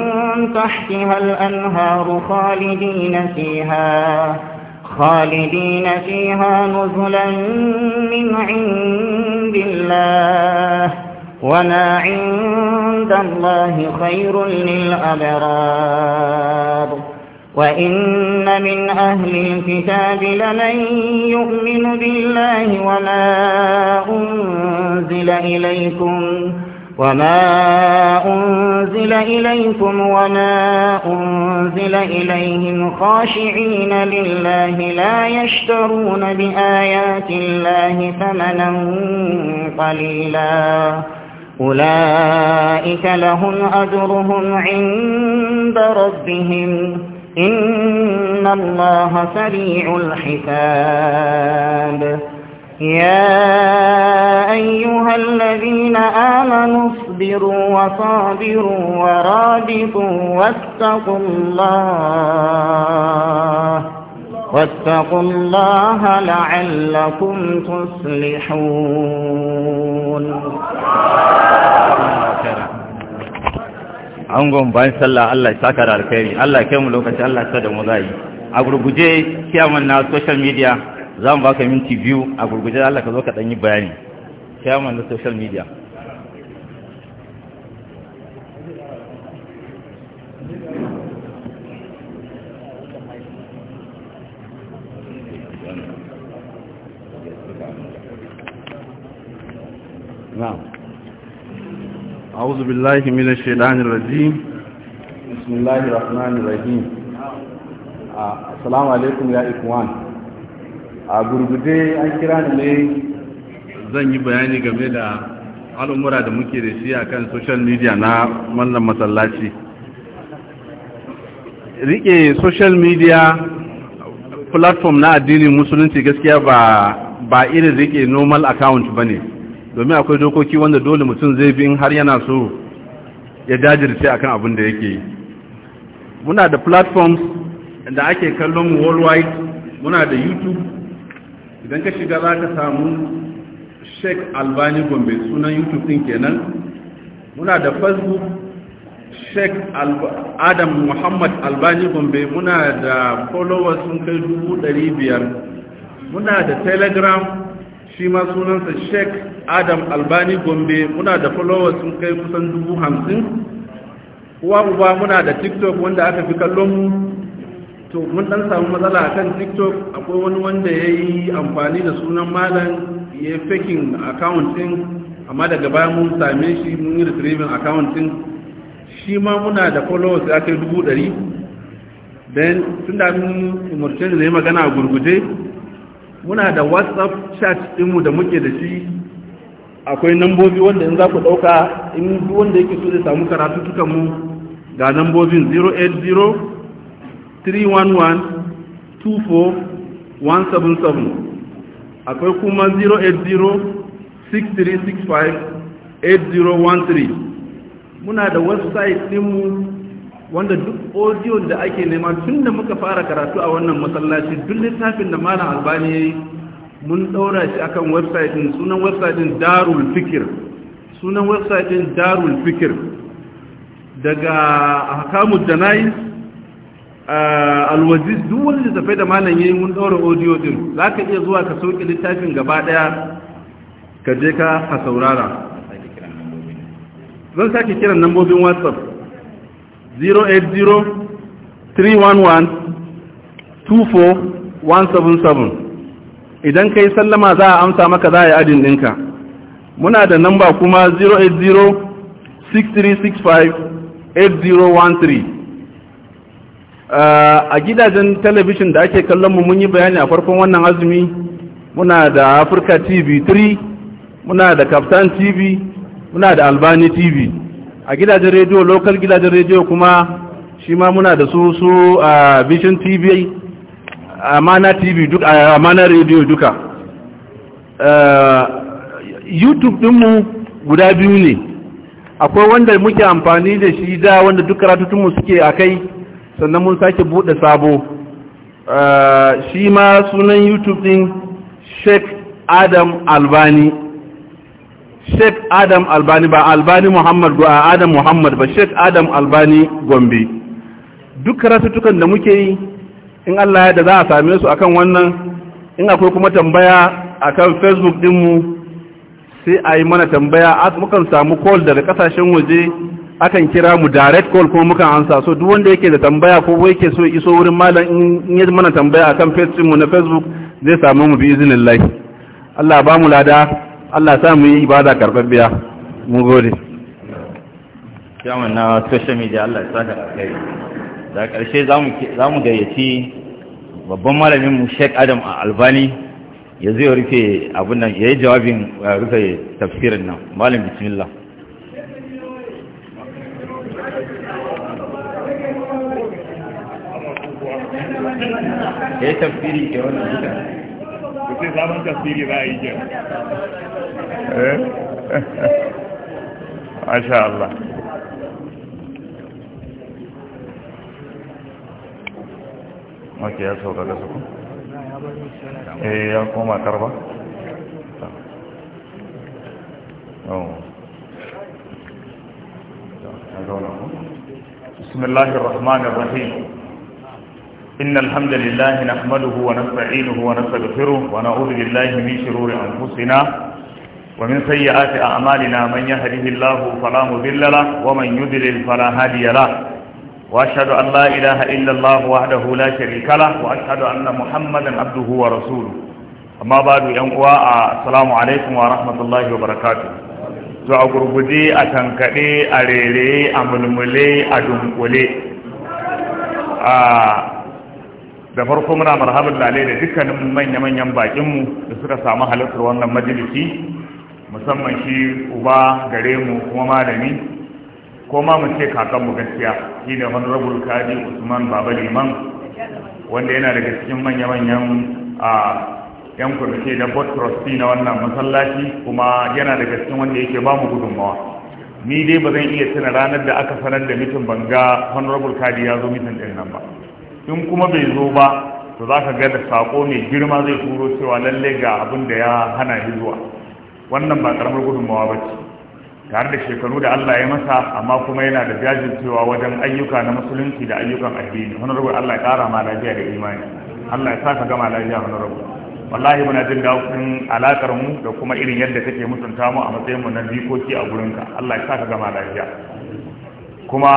تحتها الأنهار خالدين فيها خالدين فيها نزلا من عند الله وما عند الله خير للأبرار وإن من أهل الكتاب لمن يؤمن بالله وما أنزل إليكم وما أنزل إليكم وما أنزل إليهم خاشعين لله لا يشترون بآيات الله ثمنا قليلا أولئك لهم أجرهم عند ربهم إن الله سريع الحساب يا أيها الذين آمنوا اصبروا وصابروا ورابطوا واتقوا الله واتقوا الله لعلكم تصلحون angon bayan sallah Allah ya saka da alkhairi Allah ya kai mu lokaci Allah ya sada mu zai a gurguje kiyaman na social media zan baka minti biyu a gurguje Allah ka zo ka dan yi bayani kiyaman na social media Now. أعوذ بالله من الشيطان الرجيم بسم الله الرحمن الرحيم السلام عليكم يا إخوان a gurgude an kira ni zan yi bayani game da al'umura da muke da shi akan social media na mallan masallaci rike social media platform na addinin musulunci gaskiya ba irin rike nomal account ba ne domin akwai dokoki wanda dole mutum zai bi in har yana so ya jajirce akan abin da yake yi muna da platforms da ake kallon worldwide muna da youtube idan ka shiga za ka samu sheik albani gombe sunan youtube din kenan muna da facebook sheik adam muhammad albani gombe muna da followers sun kai dubu biyar. muna da telegram shi ma sunansa sheik adam albani gombe muna da followers sun kai kusan dubu hamsin uwa uba muna da tiktok wanda aka fi kallon mu to mun dan samu matsala a kan tiktok akwai wani wanda ya yi amfani da sunan malam ya yi faking amma daga baya mun same shi mun yi retrieving account shi ma muna da followers ya kai dubu ɗari don tun da mun yi ne magana a gurguje muna da whatsapp chat ɗinmu da muke da shi akwai nambobi wanda in za ku ɗauka in wanda yake so zai samu karatu mu? ga nambobin 080 311 24 177 akwai kuma 080 6365 8013 muna da website dinmu wanda duk audio da ake nema tun da muka fara karatu a wannan masallaci duk littafin da malam albani yayi mun daura shi akan website din sunan website din darul fikir sunan website din darul fikir daga ahkamud janais eh, alwaziz duk wani littafai da malam yayi mun daura audio din zaka iya zuwa ka sauki littafin gaba daya ka je ka saurara zan sake kiran nambobin whatsapp 080-311-24177 idan ka yi sallama za a amsa maka za a yi adin ɗinka muna da namba kuma 080-6365-8013 a gidajen talabishin da ake kallon mu mun yi bayani a farkon wannan azumi muna da afirka tv 3 muna da kaftan tv muna da albani tv a gidajen rediyo lokal gidajen rediyo kuma shi ma muna da su su a vision tv amana tv rediyo duka youtube dinmu guda biyu ne akwai wanda muke amfani da shi da wanda duk karatutunmu suke a kai sannan mun sake buɗe sabo shi ma sunan youtube din sheik adam albani sheikh adam albani ba albani muhammad ba adam muhammad ba sheikh adam albani gombe duk karatutukan da muke yi in allah ya da za a same su akan wannan in akwai kuma tambaya akan facebook dinmu sai a yi mana tambaya mukan samu call daga kasashen waje akan kira mu direct call kuma mukan ansa so duk wanda yake da tambaya ko wai yake so iso wurin malam in yi mana tambaya akan facebook mu na facebook zai samu mu bi izinin Allah ba mu lada Allah sa mu yi ibada karɓaɓɓiya mu gode chairman na social media Allah ya saka kai da ƙarshe za mu gayyaci babban malamin mu Sheikh Adam a Albani ya zai rufe abin nan yayi jawabin rufe tafsirin nan malam bismillah ya tafsiri ke wannan duka. Kusa sabon tafsiri za a yi jiya. masha Allah wake ya sauka ga suku? eh ya koma karba بسم الله الرحمن الرحيم إن الحمد لله نحمده ونستعينه ونستغفره ونعوذ بالله من شرور أنفسنا ومن سيئات أعمالنا من يهده الله فلا مذل له ومن يذلل فلا هادي له وأشهد أن لا إله إلا الله وحده لا شريك له وأشهد أن محمدا عبده ورسوله أما بعد ينقوى السلام عليكم ورحمة الله وبركاته zuwa gurguje a tankaɗe a rere a mulmule a dunkule da farko muna marhaban lalai da dukkanin manya-manyan bakinmu da suka samu halartar wannan majalisi musamman shi uba gare mu kuma malami ko ma mu ce kakanmu gaskiya shi ne honorable kadi usman baba liman wanda yana daga cikin manya-manyan a yan kwamite da board trustee na wannan masallaci kuma yana daga cikin wanda yake ba mu gudunmawa ni dai ba zan iya tuna ranar da aka sanar da mitin banga honorable kadi ya zo mitin ɗin nan ba in kuma bai zo ba to za ka ga da sako mai girma zai turo cewa lallai ga abin da ya hana shi zuwa wannan ba karamar gudunmawa ba ce tare da shekaru da Allah ya masa amma kuma yana da jajircewa wajen ayyuka na musulunci da ayyukan addini honorable Allah ya kara ma lafiya da imani Allah ya saka gama lafiya honorable wallahi muna jin daɗin alakar mu da kuma irin yadda kake mutunta mu a matsayin mu na bikoki a gurinka Allah ya saka gama lafiya kuma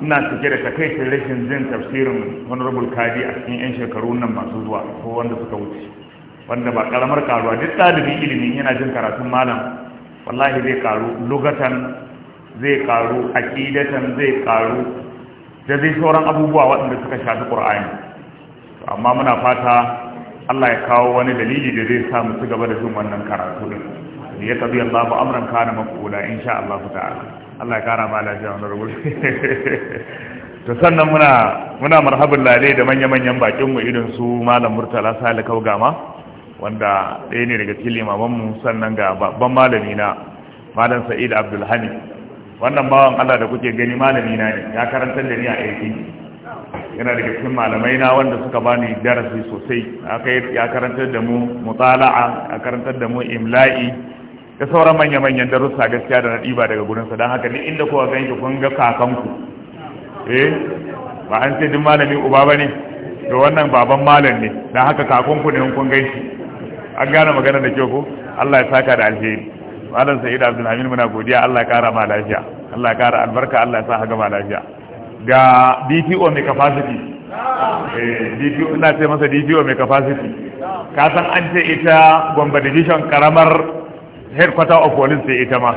ina cike da takaicin rashin jin tafsirin honorable kadi a cikin 'yan shekaru nan masu zuwa ko wanda suka wuce wanda ba karamar karuwa duk ɗalibi ilimin yana jin karatun malam wallahi zai karu lugatan zai karu aqidatan zai karu da zai sauran abubuwa waɗanda suka shafi ƙur'ani amma muna fata Allah ya kawo wani dalili da zai sa mu ci gaba da jin wannan karatu din ya tabi Allahu amran kana mafula insha Allah ta'ala Allah ya kara ma lafiya wannan rubutu. to sannan muna muna marhaban lale da manya-manyan bakin mu irin su malam Murtala Sale gama? wanda ɗaya ne daga cikin limamanmu sannan ga babban malami na malam sa'id Abdulhamid, wannan bawan allah da kuke gani malami na ne ya karanta da ni a aiki yana daga cikin malamai na wanda suka bani darasi sosai ya karantar da mu mutala'a ya karantar da mu imla'i da sauran manya-manyan darussa gaskiya da na ɗiba daga gurinsa don haka ni inda kowa ganki kun ga kakanku eh ba an ce duk malami uba ba ne to wannan baban malam ne don haka kakanku ne kun gaishe an gane magana da kyau ko Allah ya saka da alheri malam sa'id hamid muna godiya Allah ya kara ma lafiya Allah ya kara albarka Allah ya sa ga gama lafiya ga DPO mai capacity eh DPO ina ce masa DPO mai capacity ka san an ce ita Gombe division karamar headquarter of police sai ita ma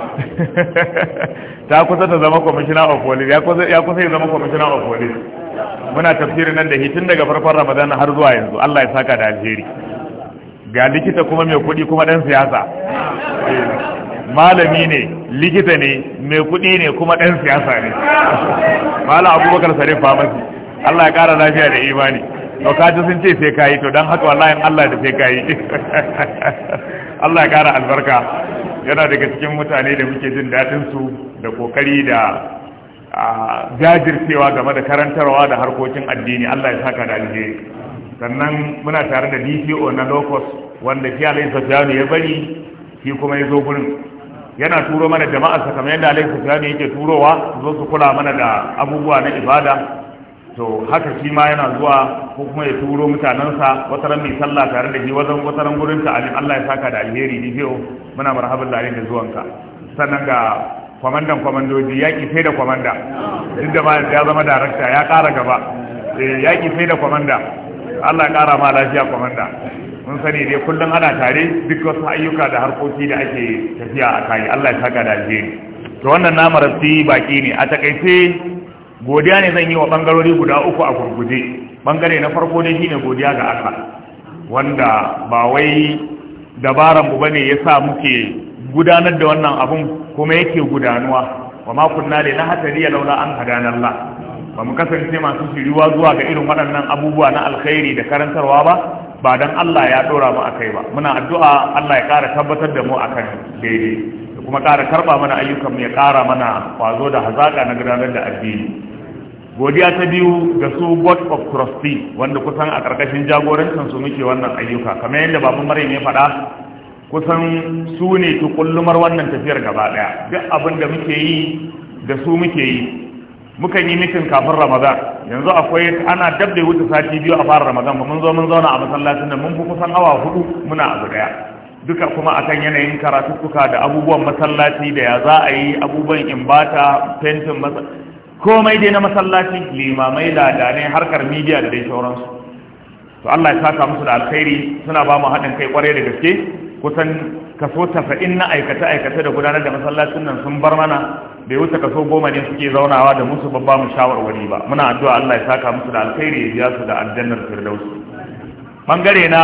ta kusa ta zama commissioner of police ya kusa ya kusa ya zama commissioner of police muna tafsirin nan da hitin daga farkon Ramadan har zuwa yanzu Allah ya saka da alheri ga likita kuma mai kuɗi kuma ɗan siyasa malami ne likita ne mai kuɗi ne kuma ɗan siyasa ne malam abubakar sare famasi Allah ya ƙara lafiya da imani to kaji sun ce sai kayi to don haka wallahi Allah da sai kayi Allah ya ƙara albarka yana daga cikin mutane da muke jin daɗin su da kokari da ah, jajircewa game da karantarwa da harkokin addini Allah ya saka da alheri sannan muna tare da dpo na locos wanda shi alayhi safiyanu ya bari shi kuma ya zo gurin yana turo mana sa kamar yadda alayhi safiyanu yake turowa zo su kula mana da abubuwa na ibada to haka shi ma yana zuwa ko kuma ya turo mutanensa wata ran mai sallah tare da shi wajen wata ran gurin ta alim Allah ya saka da alheri dpo muna marhaban da da zuwanka sannan ga kwamandan kwamandoji yaƙi sai da kwamanda duk da ya zama darakta ya ƙara gaba eh, yaƙi sai da kwamanda Allah ya kara ma lafiya komanda mun sani dai kullum ana tare duk wasu ayyuka da harkoki da ake tafiya a kai Allah ya saka da alheri to wannan na marasi baki ne a takaice godiya ne zan yi wa bangarori guda uku a gurguje bangare na farko ne shine godiya ga Allah wanda ba wai dabaran mu bane yasa muke gudanar da wannan abun kuma yake gudanuwa wa ma kunna lana hatariya laula an hadana Allah ba mu kasance masu shiriwa zuwa ga irin waɗannan abubuwa na alkhairi da karantarwa ba ba dan Allah ya dora mu akai ba muna addu'a Allah ya ƙara tabbatar da mu akan daidai da kuma ƙara karba mana ayyukan mu ya ƙara mana kwazo da hazaka na gudanar da addini godiya ta biyu ga su board of trustee wanda kusan a ƙarƙashin jagorancin su muke wannan ayyuka kamar yadda babu mare ne faɗa kusan su ne tukullumar wannan tafiyar gaba ɗaya duk abin da muke yi da su muke yi muka yi mitin kafin ramadan yanzu akwai ana dab da wuce sati biyu a fara ramadan ba mun zo mun zauna a masallacin nan mun fi kusan awa hudu muna a daya duka kuma akan yanayin karatuttuka da abubuwan masallaci da ya za a yi abubuwan imbata fentin komai dai na masallaci limamai da dane harkar midiya da dai sauransu to Allah ya saka musu da alkhairi suna ba mu haɗin kai kwarai da gaske kusan kaso tafa'in na aikace-aikace da gudanar da masallacin nan sun bar mana bai wuce kaso goma ne suke zaunawa da musu babba mu shawarwari ba muna addu'a Allah ya saka musu da alkhairi ya biya su da aljannar firdaus bangare na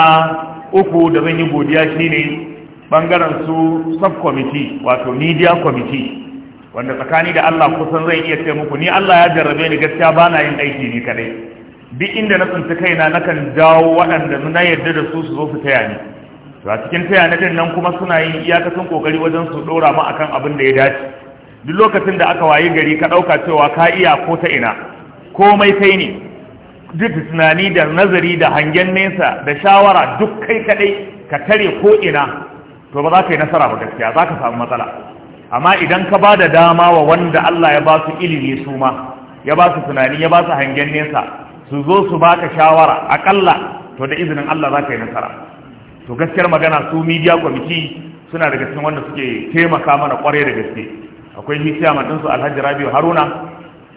uku da zan yi godiya shine bangaren su sub committee wato media committee wanda tsakani da Allah kusan zai iya ce muku ni Allah ya jarrabe ni gaskiya ba na yin aiki ni kadai duk inda na tsinci kaina nakan jawo waɗanda na yarda da su su zo su taya ni to a cikin taya na nan kuma suna yin iyakacin kokari wajen su dora ma akan abin da ya dace duk lokacin da aka wayi gari ka dauka cewa ka iya ko ta ina komai kai ne duk tunani da nazari da hangen nesa da shawara duk kai kadai ka tare ko ina to ba za ka yi nasara ba gaskiya za ka samu matsala amma idan ka ba da dama wa wanda Allah ya ba su ilimi su ma ya ba su tunani ya ba su hangen nesa su zo su baka shawara akalla to da izinin Allah za ka yi nasara to gaskiyar magana su media committee suna daga cikin wanda suke taimaka mana kwarai da gaske akwai hisiya matinsu alhaji rabiu haruna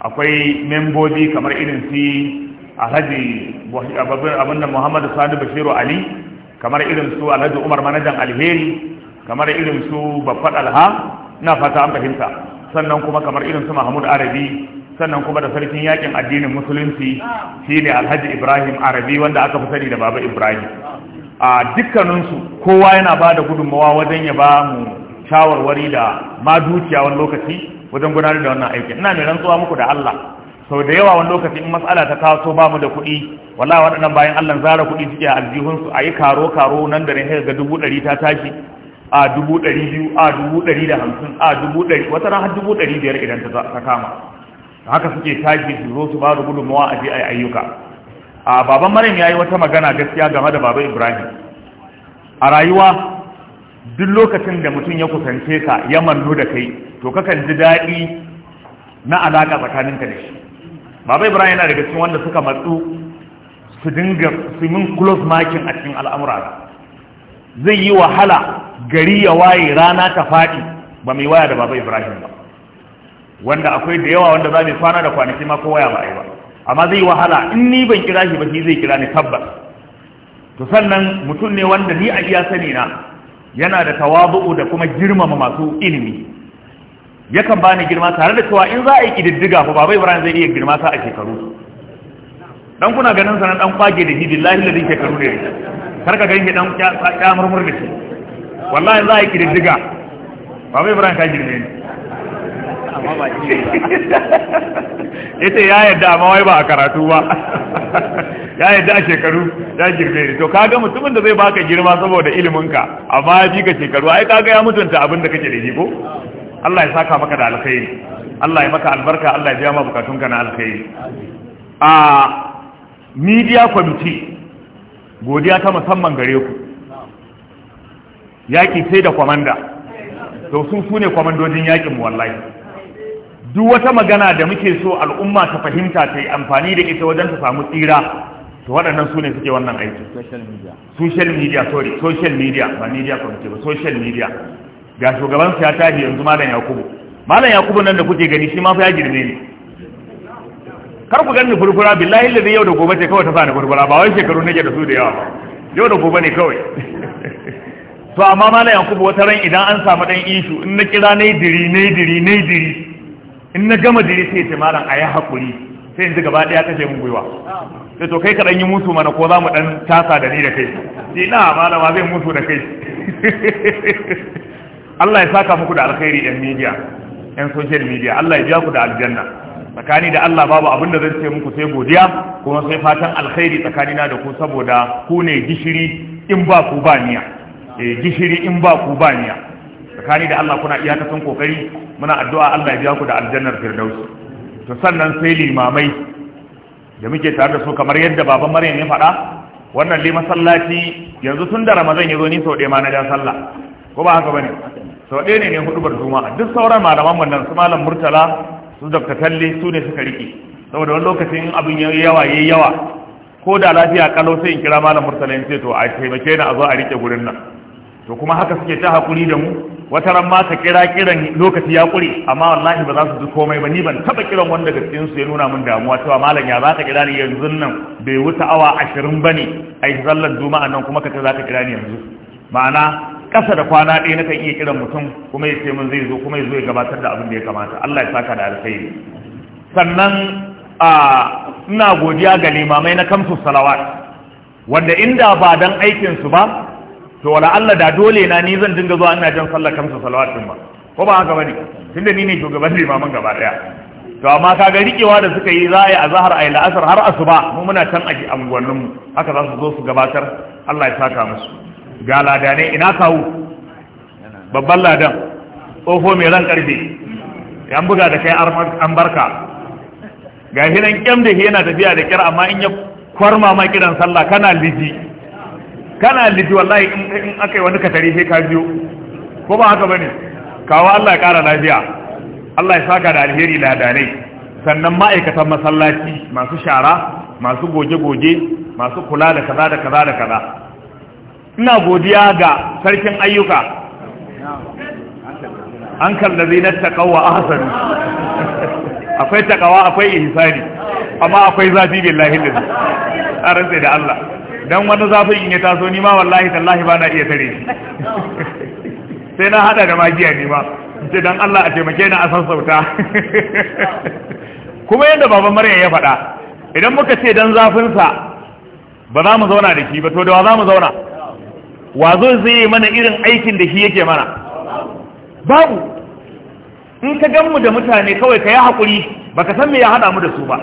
akwai membobi kamar irin su alhaji abinda muhammadu sani bashiru ali kamar irin su alhaji umar manajan alheri kamar irin su babbar alha na fata an fahimta sannan kuma kamar irin su mahmud arabi sannan kuma da sarkin yakin addinin musulunci shine alhaji ibrahim arabi wanda aka fi sani da baba ibrahim a dukkaninsu kowa yana ba da gudunmawa wajen ya ba mu shawarwari da ma dukiya wani lokaci wajen gudanar da wannan aikin ina mai rantsuwa muku da Allah sau da yawa wani lokaci in matsala ta taso ba mu da kuɗi Wala waɗannan bayan Allah zara kuɗi suke a aljihunsu a yi karo karo nan da ne ga dubu ɗari ta tashi a dubu ɗari biyu a dubu ɗari da hamsin a dubu ɗari wata ran har dubu ɗari biyar idan ta kama haka suke tashi su zo su ba da gudunmawa a je a yi ayyuka a baban maryam ya yi wata magana gaskiya game da baba ibrahim a rayuwa duk lokacin da mutum ya kusance ka ya mannu da kai to kakan ji daɗi na alaƙa tsakaninka da shi baba ibrahim yana daga cikin wanda suka matsu su dinga su min close marking a cikin al'amura zai yi wahala gari ya waye rana ta faɗi ba mai waya da baba ibrahim ba wanda akwai da yawa wanda za mu kwana da kwanaki ma ko waya ba a yi ba amma zai wahala in ni ban kira shi ba shi zai kira ni tabbas to sannan mutum ne wanda ni a iya sani na yana da tawabu da kuma girmama masu ilimi yakan bani girma tare da cewa in za a yi kididdiga ko baba Ibrahim zai iya girma ta a shekaru dan kuna ganin sanan dan kwage da hidi lahi da shekaru ne karka ganin shi dan ya murmur da shi wallahi za a yi kididdiga baba Ibrahim ka girme ni amma ba shi ba ita ya yadda amma wai ba a karatu ba ya yadda a shekaru ya girme ne to kaga mutumin da zai baka girma saboda iliminka amma ya ji ka shekaru ai kaga ya mutunta abin da kake da shi ko Allah ya saka maka da alkhairi Allah ya maka albarka Allah ya biya bukatun bukatunka na alkhairi a media committee godiya ta musamman gare ku yaki sai da kwamanda to su su ne kwamandojin yakin mu wallahi duk wata magana da muke so al'umma ta fahimta ta yi amfani da ita wajen ta samu tsira to waɗannan su ne suke wannan aiki social media sorry social media ba media committee ba social media ga shugaban su ya tashi yanzu malam yakubu malam yakubu nan da kuke gani shi ma fa ya girme ne kar ku ganni furfura billahi ladai yau da gobe ce kawai ta sa ni furfura ba wai shekaru nake da su da yawa yau da gobe ne kawai to amma malam yakubu wata ran idan an samu dan ishu in na kira nayi diri nayi diri nayi diri in na gama dire sai ce malam a yi haƙuri sai in ji gaba ɗaya kashe mun gwiwa sai to kai ka yi musu mana ko za mu ɗan tasa da ni da kai sai na malama zai musu da kai Allah ya saka muku da alkhairi yan media yan social media Allah ya biya ku da aljanna tsakani da Allah babu abin da zan ce muku sai godiya kuma sai fatan alkhairi tsakani na da ku saboda ku ne gishiri in ba ku ba niya eh, gishiri in ba ku ba niya tsakani da Allah kuna kasan kokari muna addu'a Allah ya biya ku da aljannar firdausi to sannan sai limamai da muke tare da su kamar yadda baban Maryam ya faɗa wannan li masallaci yanzu tun da Ramadan ya zo ni sau ɗaya ma na da sallah ko ba haka bane sau ɗaya ne ne hudubar juma'a duk sauran malaman wannan su malam Murtala su Dr. Talle su ne suka rike saboda wani lokacin abin yayi yawa yayi yawa ko da lafiya kalau sai in kira malam Murtala in ce to a taimake ni a zo a rike gurin nan to kuma haka suke ta hakuri da mu wata ran ma ka kira kiran lokaci ya kure amma wallahi ba za su ji komai ba ni ban taba kiran wanda daga cikin su ya nuna min damuwa cewa malam ya za ka kira ni yanzu nan bai wuta awa 20 bane ai sallar juma'a nan kuma ka za ka kira ni yanzu ma'ana kasa da kwana ɗaya na kan iya kiran mutum kuma ya ce min zai zo kuma ya zo ya gabatar da abin da ya kamata Allah ya saka da alkhairi sannan a ina godiya ga limamai na kamsu salawat wanda inda ba dan aikin su ba to wala Allah da dole na ni zan dinga zuwa ina jan sallar kamsa salawatin ba ko ba haka bane tunda ni ne shugaban limamin gaba daya to amma kaga rikewa da suka yi za a yi a zahar a ila la'asar har asuba mu muna can a mu haka za su zo su gabatar Allah ya saka musu ga ladane ina kawo babban ladan tsoho mai ran karfe yan buga da kai an barka ga hinan kyam da yana tafiya da kira amma in ya kwarma ma kiran sallah kana liji kana lifi wallahi in aka yi wani katari sai ka biyo ko ba haka bane kawo Allah ya kara lafiya Allah ya saka da alheri ladanai sannan ma'aikatan masallaci masu shara masu goge-goge masu kula da kaza da kaza da kaza ina godiya ga sarkin ayyuka an kallazi na a ahsan akwai taqawa akwai ihsani amma akwai zafi billahi lillahi a rantsa da Allah dan wani zafin in ya taso ni ma wallahi tallahi ba na iya tare sai na hada da magiya ni ma ce dan Allah a taimake ni a sassauta kuma yadda baban maryam ya faɗa idan muka ce dan zafinsa ba za mu zauna da shi ba to da wa za mu zauna wa zo zai mana irin aikin da shi yake mana babu in ka gan mu da mutane kawai ka yi hakuri ba san me ya haɗa mu da su ba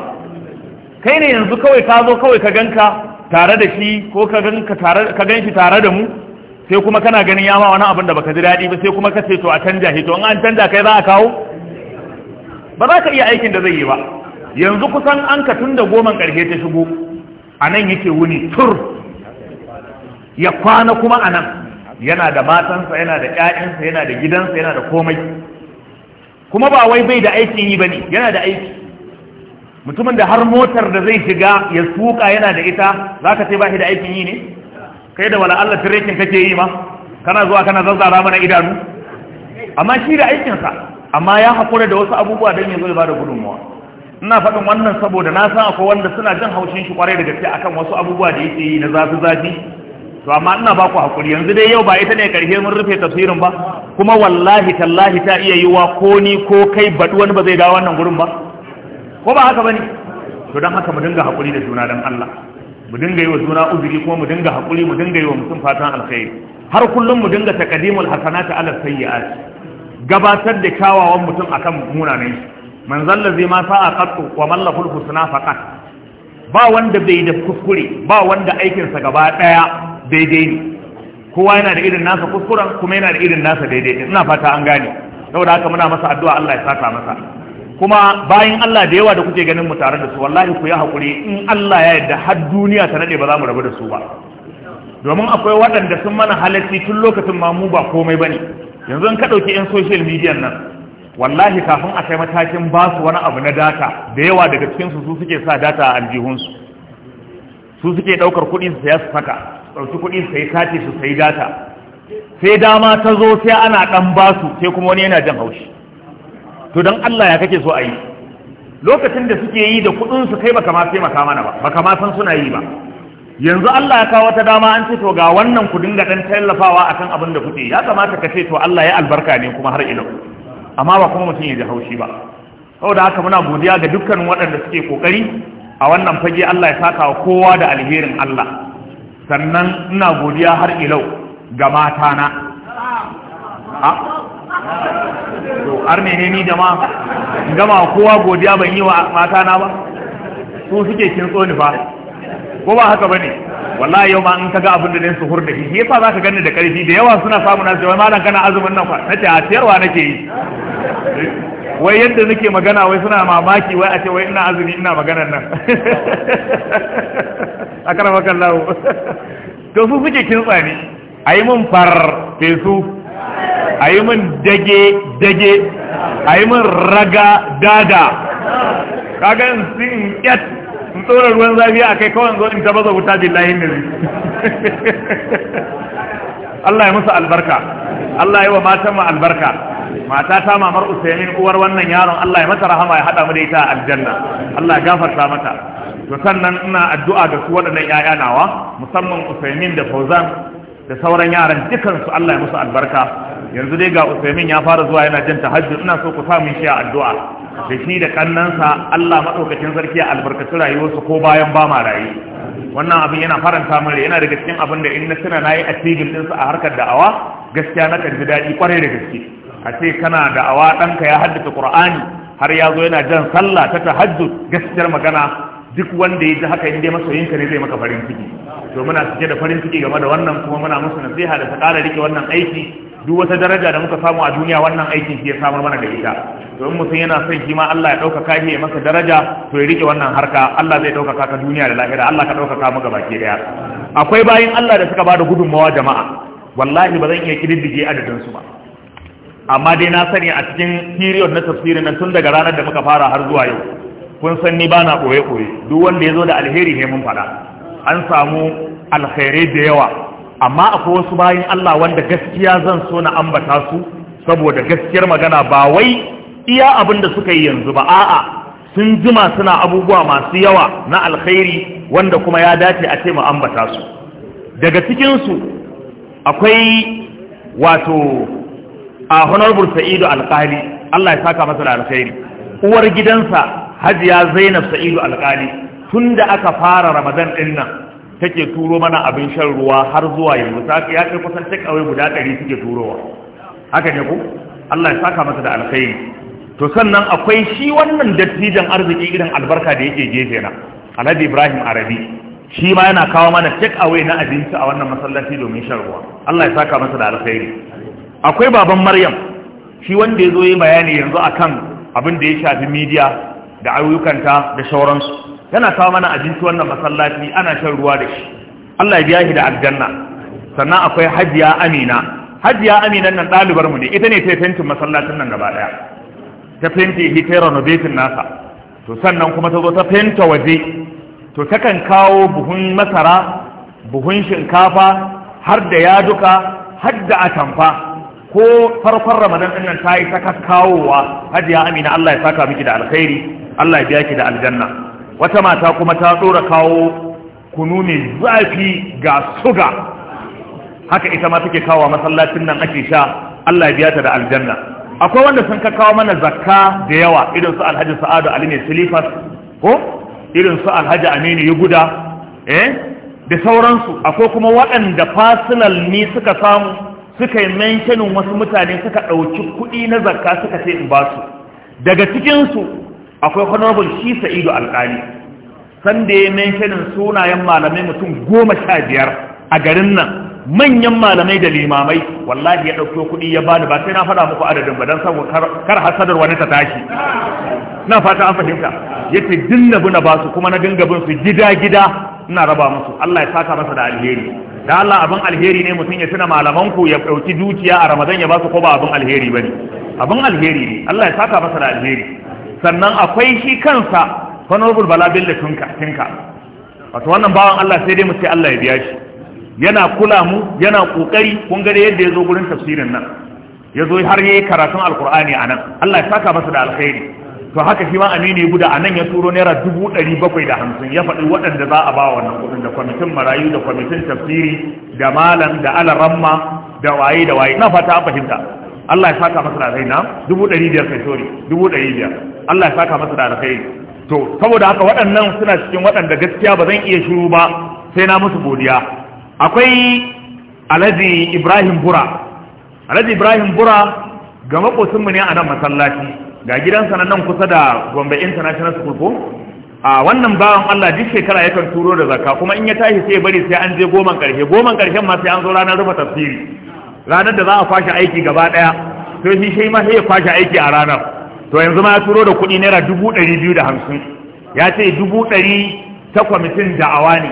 kai ne yanzu kawai ka zo kawai ka ganka tare da shi ko ka gan shi tare da mu sai kuma kana ganin ya ma wani abin da baka ji daɗi ba sai kuma ka ce to a canja shi to in an canja kai za a kawo ba za ka iya aikin da zai yi ba yanzu kusan an ka tun da goman ƙarshe ta shigo a nan yake wuni tur ya kwana kuma a nan yana da matansa yana da ƴaƴansa yana da gidansa yana da komai kuma ba wai bai da aikin yi ba ne yana da aiki mutumin da har motar da zai shiga ya tuka yana da ita za ka ce ba shi da aikin yi ne kai da wala Allah tirekin kake yi ma kana zuwa kana zazzara mana idanu amma shi da aikinsa amma ya haƙura da wasu abubuwa don ya zo ba da ina faɗin wannan saboda na san akwai wanda suna jin haushin shi kwarai da gaske akan wasu abubuwa da yake yi na zafi zafi to amma ina ba ku haƙuri yanzu dai yau ba ita ne karshe mun rufe tafsirin ba kuma wallahi tallahi ta iya yiwa ko ni ko kai baɗi wani ba zai ga wannan gurin ba ko ba haka bane to dan haka mu dinga hakuri da juna dan Allah mu dinga yi wa juna uzuri kuma mu dinga hakuri mu dinga yi wa mutum fatan alkhairi har kullum mu dinga taqdimul hasanati ala sayyi'ati gabatar da kyawawan mutum akan munanan shi man zallazi ma sa'a qattu wa man lahul husna faqat ba wanda bai da kuskure ba wanda aikin sa gaba daya daidai ne kowa yana da irin nasa kuskuren kuma yana da irin nasa daidai ina fata an gane saboda haka muna masa addu'a Allah ya saka masa kuma bayan Allah da yawa da kuke ganin mu tare da su wallahi ku yi hakuri in Allah ya yarda har duniya ta nade ba za mu rabu da su ba domin akwai waɗanda sun mana halacci tun lokacin ma mu ba komai bane yanzu in ka ɗauki 'yan social media nan wallahi kafin a kai matakin ba su wani abu na data da yawa daga cikin su suke sa data a aljihunsu su suke ɗaukar kuɗi su saya su saka ɗauki kuɗi su sayi kati su sayi data sai dama ta zo sai ana ɗan ba su sai kuma wani yana jan haushi to dan Allah ya kake so a yi lokacin da suke yi da kudin su kai baka ma maka mana ba baka ma san suna yi ba yanzu Allah ya kawo ta dama an ce to ga wannan ku dinga dan tallafawa akan abin da kuke ya kamata ka ce to Allah ya albarka ne kuma har ila amma ba kuma mutum ya ji haushi ba saboda haka muna godiya ga dukkanin waɗanda suke kokari a wannan fage Allah ya saka wa kowa da alherin Allah sannan ina godiya har ilau ga matana har ne ni jama'a gama kowa godiya ban yi wa mata na ba su suke kin ni fa ko ba haka bane wallahi yau ma in kaga abin da ne su hurda shi yasa zaka ganni da karfi da yawa suna samu na wai malam kana azumin nan fa nace a tiyarwa nake yi wai yadda nake magana wai suna mamaki wai a ce wai ina azumi ina maganar nan akara makallahu to su suke kin tsani ayi mun far fesu a yi min dage-dage a yi min raga dada kaga sin yat in tsoron ruwan zafi a kai kawai zo in ta baza wuta billahi ne Allah ya musu albarka Allah ya wa matan ma albarka mata ta mamar Usaimin uwar wannan yaron Allah ya mata rahama ya hada mu da ita a aljanna Allah ya gafarta mata to sannan ina addu'a da su waɗannan ƴaƴa nawa musamman Usaimin da Fauzan da sauran yaran dukansu Allah ya musu albarka yanzu dai ga usaimin ya fara zuwa yana jin tahajjud ina so ku sa shi a addu'a da shi da kannansa Allah madaukakin sarki ya albarkaci rayuwarsu ko bayan ba ma rayu wannan abin yana faranta min yana daga cikin abin da in na nayi a din sa a harkar da'awa gaskiya na kan ji daɗi kwarai da gaske a ce kana da'awa danka ya haddace Qur'ani har ya zo yana jan sallah ta tahajjud gaskiyar magana duk wanda ya ji haka inda masoyinka ne zai maka farin ciki to muna cike da farin ciki game da wannan kuma muna musu nasiha da ta ƙara rike wannan aiki duk wata daraja da muka samu a duniya wannan aikin shi ya samar mana da ita to in mutum yana son shi ma Allah ya ɗaukaka shi ya masa daraja to ya rike wannan harka Allah zai ɗaukaka ka duniya da lahira Allah ka ɗaukaka mu gaba ke daya akwai bayin Allah da suka ba da gudunmawa jama'a wallahi ba zan iya kididdige adadin su ba amma dai na sani a cikin period na tafsirin nan tun daga ranar da muka fara har zuwa yau kun san ni bana koye koye duk wanda ya zo da alheri ne mun faɗa an samu alkhairai da yawa amma akwai wasu bayan Allah wanda gaskiya zan so na ambata su saboda gaskiyar magana ba wai iya abin da suka yi yanzu ba a'a sun jima suna abubuwa masu yawa na alkhairi wanda kuma ya dace a ce mu ambata su daga cikin su akwai wato a honorable sa'idu alkali Allah ya saka masa da alkhairi uwar gidansa hajiya zainab sa'idu alkali tun da aka fara ramadan din nan take turo mana abin shan ruwa har zuwa yanzu ta ya kai kusan away guda ɗari suke turowa haka ne ku Allah ya saka masa da alkhairi to sannan akwai shi wannan dattijan arziki irin albarka da yake gefe na Alhaji Ibrahim Arabi shi ma yana kawo mana away na abinci a wannan masallaci domin shan ruwa Allah ya saka masa da alkhairi akwai baban Maryam shi wanda ya zo yi bayani yanzu akan abin da ya shafi media da ayyukanta da sauransu yana kawo mana abinci wannan masallaci ana shan ruwa da shi Allah ya biya shi da aljanna sannan akwai hajiya amina hajiya amina nan ɗalibar mu ne ita ne ta fentin masallacin nan gaba ɗaya ta fenti shi ta renovating nasa to sannan kuma ta zo ta fenta waje to takan kawo buhun masara buhun shinkafa har da yaduka har da atamfa ko farkon ramadan din nan ta yi ta kawowa hajiya amina Allah ya saka miki da alkhairi Allah ya biya ki da aljanna wata mata kuma ta dora kawo kunu ne zafi ga suga haka ita ma take kawo masallacin nan ake sha Allah ya biya ta da aljanna akwai wanda sun ka kawo mana zakka da yawa irin su Alhaji Sa'adu Ali ne Silifas ko irin su Alhaji Aminu Yuguda eh da sauransu akwai kuma waɗanda personal ni suka samu suka yi mentionin wasu mutane suka ɗauki kuɗi na zakka suka ce in ba su daga cikinsu akwai honorable shi sa'idu alƙali sanda ya menshinin sunayen malamai mutum goma sha biyar a garin nan manyan malamai da limamai wallahi ya ɗauko kuɗi ya bani ba sai na faɗa muku adadin ba don saboda kar hasadar wani ta tashi na fata an fahimta ya ce dinna na basu kuma na dinga bin su gida gida ina raba musu Allah ya saka masa da alheri da Allah abin alheri ne mutum ya tuna malaman ku ya ɗauki dukiya a Ramadan ya basu ko ba abin alheri bane abin alheri ne Allah ya saka masa da alheri sannan akwai shi kansa honorable bala bello tunka tinka wato wannan bawan Allah sai dai mu ce Allah ya biya shi yana kula mu yana kokari kun ga yadda ya zo gurin tafsirin nan ya zo har yi karatun alkur'ani a nan Allah ya saka masa da alkhairi to haka shi ma amini guda a nan ya turo naira dubu ɗari bakwai da hamsin ya faɗi waɗanda za a ba wannan kuɗin da kwamitin marayu da kwamitin tafsiri da malam da alaramma da waye da waye na fata an fahimta Allah ya saka masa da alkhairi na dubu ɗari biyar kai sori dubu ɗari biyar Allah ya saka masa da alkhairi to saboda haka waɗannan suna cikin waɗanda gaskiya ba zan iya shiru ba sai na musu godiya akwai alhaji ibrahim bura alhaji ibrahim bura ga mu ne a nan masallaci ga gidansa nan kusa da gombe international school ko a wannan bawan Allah duk shekara yakan turo da zakka kuma in ya tashi sai bari sai an je goman karshe goman karshen ma sai an zo ranar rufe tafsiri ranar da za a fashi aiki gaba daya to shi shi ma sai ya fashi aiki a ranar to yanzu ma ya turo da kuɗi naira dubu ɗari biyu da hamsin ya ce dubu ɗari ta kwamitin da'awa ne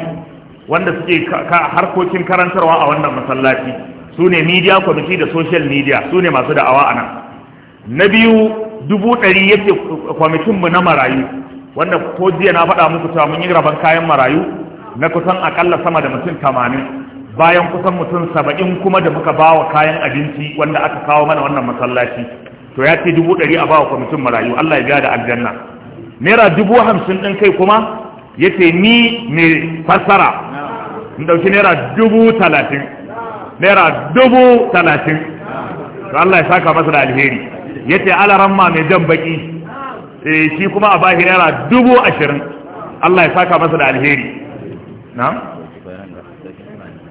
wanda suke harkokin karantarwa a wannan masallaci su ne media committee da social media su ne masu da'awa a nan na biyu dubu ɗari ya ce kwamitinmu na marayu wanda ko jiya na faɗa muku cewa mun yi rabon kayan marayu na kusan akalla sama da mutum tamanin bayan kusan mutum saba'in kuma da muka ba wa kayan abinci wanda aka kawo mana wannan masallaci to ya ce dubu ɗari a bawa kwamitin marayu Allah ya biya da aljanna naira dubu hamsin ɗin kai kuma ya ce ni mai fassara in ɗauki naira dubu talatin naira dubu talatin to Allah ya saka masa da alheri ya ce alaramma mai jan baki eh, shi kuma a bashi naira dubu ashirin Allah ya saka masa da alheri na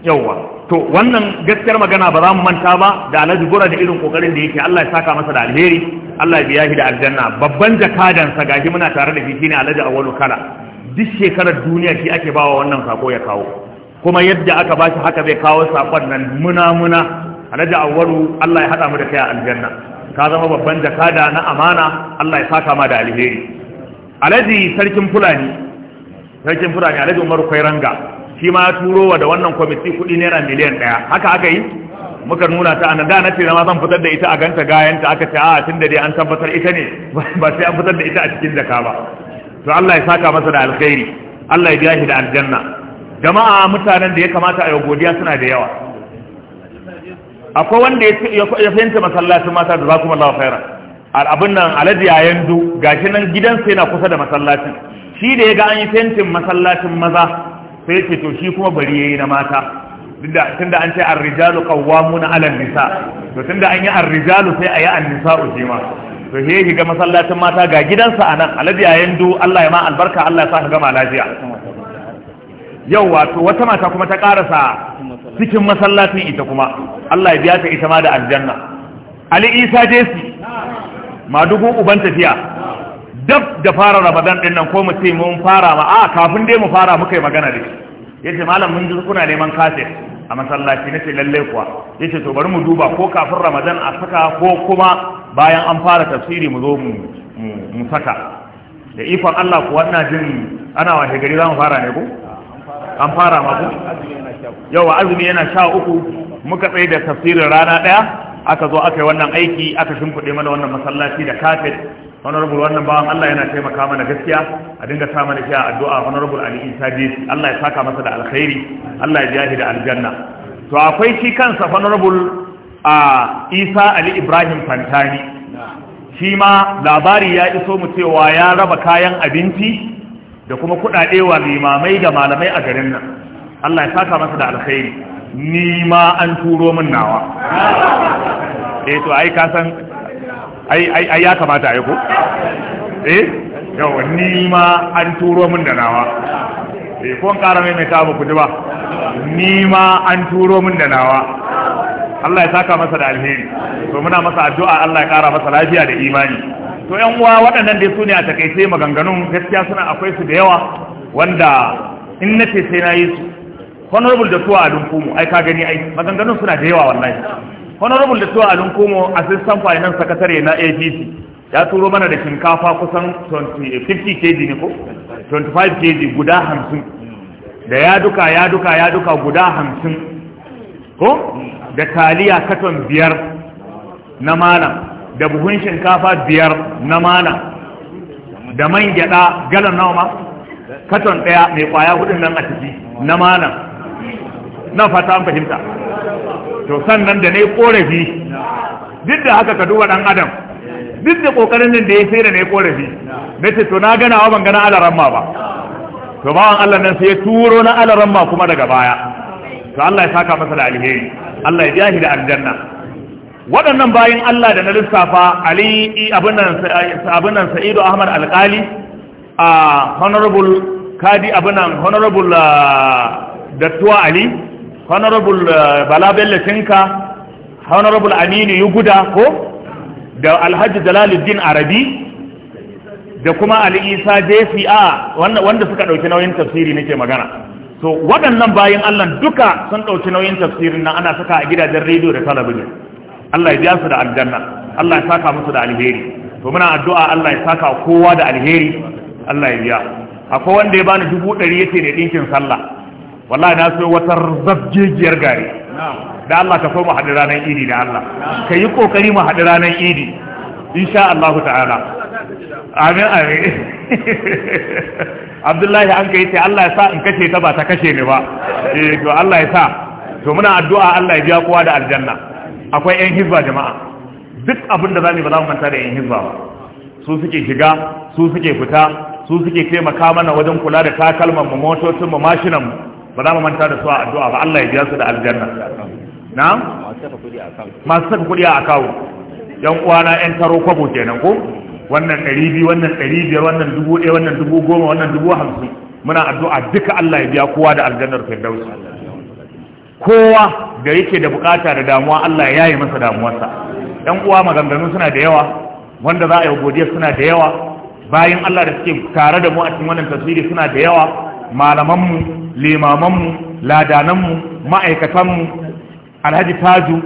yawwa to wannan gaskiyar magana ba za mu manta ba da alhaji gura da irin kokarin da yake Allah ya saka masa da alheri Allah ya biya shi da aljanna babban jakadan sa gashi muna tare da shi shine alhaji awwalu kala duk shekarar duniya shi ake bawa wannan sako ya kawo kuma yadda aka bashi haka zai kawo sakon nan muna muna alhaji awwalu Allah ya hada mu da kai aljanna ka zama babban jakada na amana Allah ya saka ma da alheri alhaji sarkin fulani sarkin fulani alhaji Umar kairanga shi ma turo wa da wannan kwamiti kuɗi naira miliyan ɗaya haka aka yi muka nuna ta anan da na ce ma zan fitar da ita a ganta gayanta aka ce a ah, tun da dai an tabbatar ita ne ba sai an fitar da ita a cikin jaka ba to Allah ya saka masa da alkhairi Allah ya biya shi da aljanna jama'a mutanen da ya kamata a yi godiya suna da yawa akwai wanda ya fahimta masallacin mata da zakumallahu A abin nan alaji ya yanzu gashi nan gidansa yana kusa da masallacin shi da ya ga an yi fentin masallacin maza sai ce to shi kuma bari yayi na mata tunda an ce ar-rijalu qawwamuna 'ala an-nisa to tunda an yi ar-rijalu sai ayi an-nisa'u shi ma to he ki ga masallacin mata ga gidansa anan alhaji yayin du Allah ya ma albarka Allah ya sa ka gama lafiya yau wato wata mata kuma ta karasa cikin masallacin ita kuma Allah ya biya ta ita ma da aljanna Ali Isa Jesi madugu uban tafiya dab da fara ramadan din nan ko mu ce mun fara ma a ah, kafin dai mu fara muka yi magana da shi yace malam mun ji kuna neman kaset a masallaci nace lalle kuwa yace to bari mu duba ko kafin ramadan a saka ko kuma bayan an fara tafsiri mu zo mu mu saka da ifan Allah ku wannan jin ana washe gari za mu fara ne ko an fara ma ku yawa azumi yana sha uku muka tsaye da tafsirin rana daya aka zo aka yi wannan aiki aka shimfiɗe mana wannan masallaci da kafet honorable wannan bawan Allah yana taimaka mana gaskiya a dinga sa mana shi a addu'a honorable Ali Isa Jesi Allah ya saka masa da alkhairi Allah ya jahi da aljanna to akwai shi kansa honorable a Isa Ali Ibrahim Fantani shi ma labari ya iso mu cewa ya raba kayan abinci da kuma kuɗaɗe wa limamai da malamai a garin nan Allah ya saka masa da alkhairi ni ma an turo min nawa eh to ai ka san ai ya kamata ai ko eh yau ni ma an turo min da nawa eh ko an ƙara mai mai ku ji ba ni ma an turo min da nawa Allah ya saka masa da alheri to muna masa addu'a Allah ya kara masa lafiya da imani to yan uwa waɗannan dai su ne a takaice maganganun gaskiya suna akwai su da yawa wanda in nace sai na yi su honorable da tuwa a dunkumu ai ka gani ai maganganun suna da yawa wallahi honorable da tuwa alin komo assistant finance secretary na apc ya turo mana da shinkafa kusan 50 kg ne ko 25 kg guda hamsin da ya duka ya duka ya duka guda hamsin ko da taliya katon biyar na mana da buhun shinkafa biyar na mana da man gyada galon nawa ma katon daya mai kwaya hudun nan a ciki na mana na fata an fahimta to sannan da na yi korafi duk da haka ka duba ɗan adam duk da ƙoƙarin nan da ya sai da na yi korafi na ce to na gana wa ban gana alaramma ba to bawan Allah nan sai ya turo na alaramma kuma daga baya to Allah ya saka masa da alheri Allah ya jahi da aljanna waɗannan bayan Allah da na lissafa Ali abin nan Sa'idu Ahmad Alƙali a honorable kadi abin nan honorable ah, Dattuwa Ali honorable eh, bala bello tinka honorable aminu yuguda ko da alhaji jalaluddin arabi da kuma al'isa a wanda suka ɗauki nauyin tafsiri nake magana so waɗannan bayan allah duka sun ɗauki nauyin tafsirin nan ana saka a gidajen rediyo da talabijin allah ya biya su da aljanna allah ya saka musu da alheri to muna addu'a allah ya saka kowa da alheri allah ya biya akwai wanda ya bani dubu ɗari yace ne ɗinkin sallah wallahi na so wata zabjejiyar gari da Allah ka so mu haɗu ranar idi da Allah ka yi kokari mu haɗu ranar idi insha Allah ta'ala amin amin abdullahi an kai ce Allah ya sa in kace ta ba ta kashe ni ba eh to Allah ya sa to muna addu'a Allah ya biya kowa da aljanna akwai yan hizba jama'a duk abin da zamu ba za mu manta da yan hizba ba su suke shiga su suke fita su suke taimaka mana wajen kula da takalman mu motocin mu mashinan mu ba za mu manta da su a addu'a ba Allah ya biya su da aljanna na'am masu saka kuɗi a akawu yan na yan taro kwabo kenan ko wannan ɗari biyu wannan ɗari wannan dubu wannan dubu goma wannan dubu hamsin muna addu'a duka Allah ya biya kowa da aljannar firdausi kowa da yake da bukata da damuwa Allah ya yi masa damuwarsa yan uwa maganganu suna da yawa wanda za a yi godiya suna da yawa bayan Allah da suke tare da mu a cikin wannan tasiri suna da yawa malamanmu limamanmu ladananmu ma'aikatanmu alhaji taju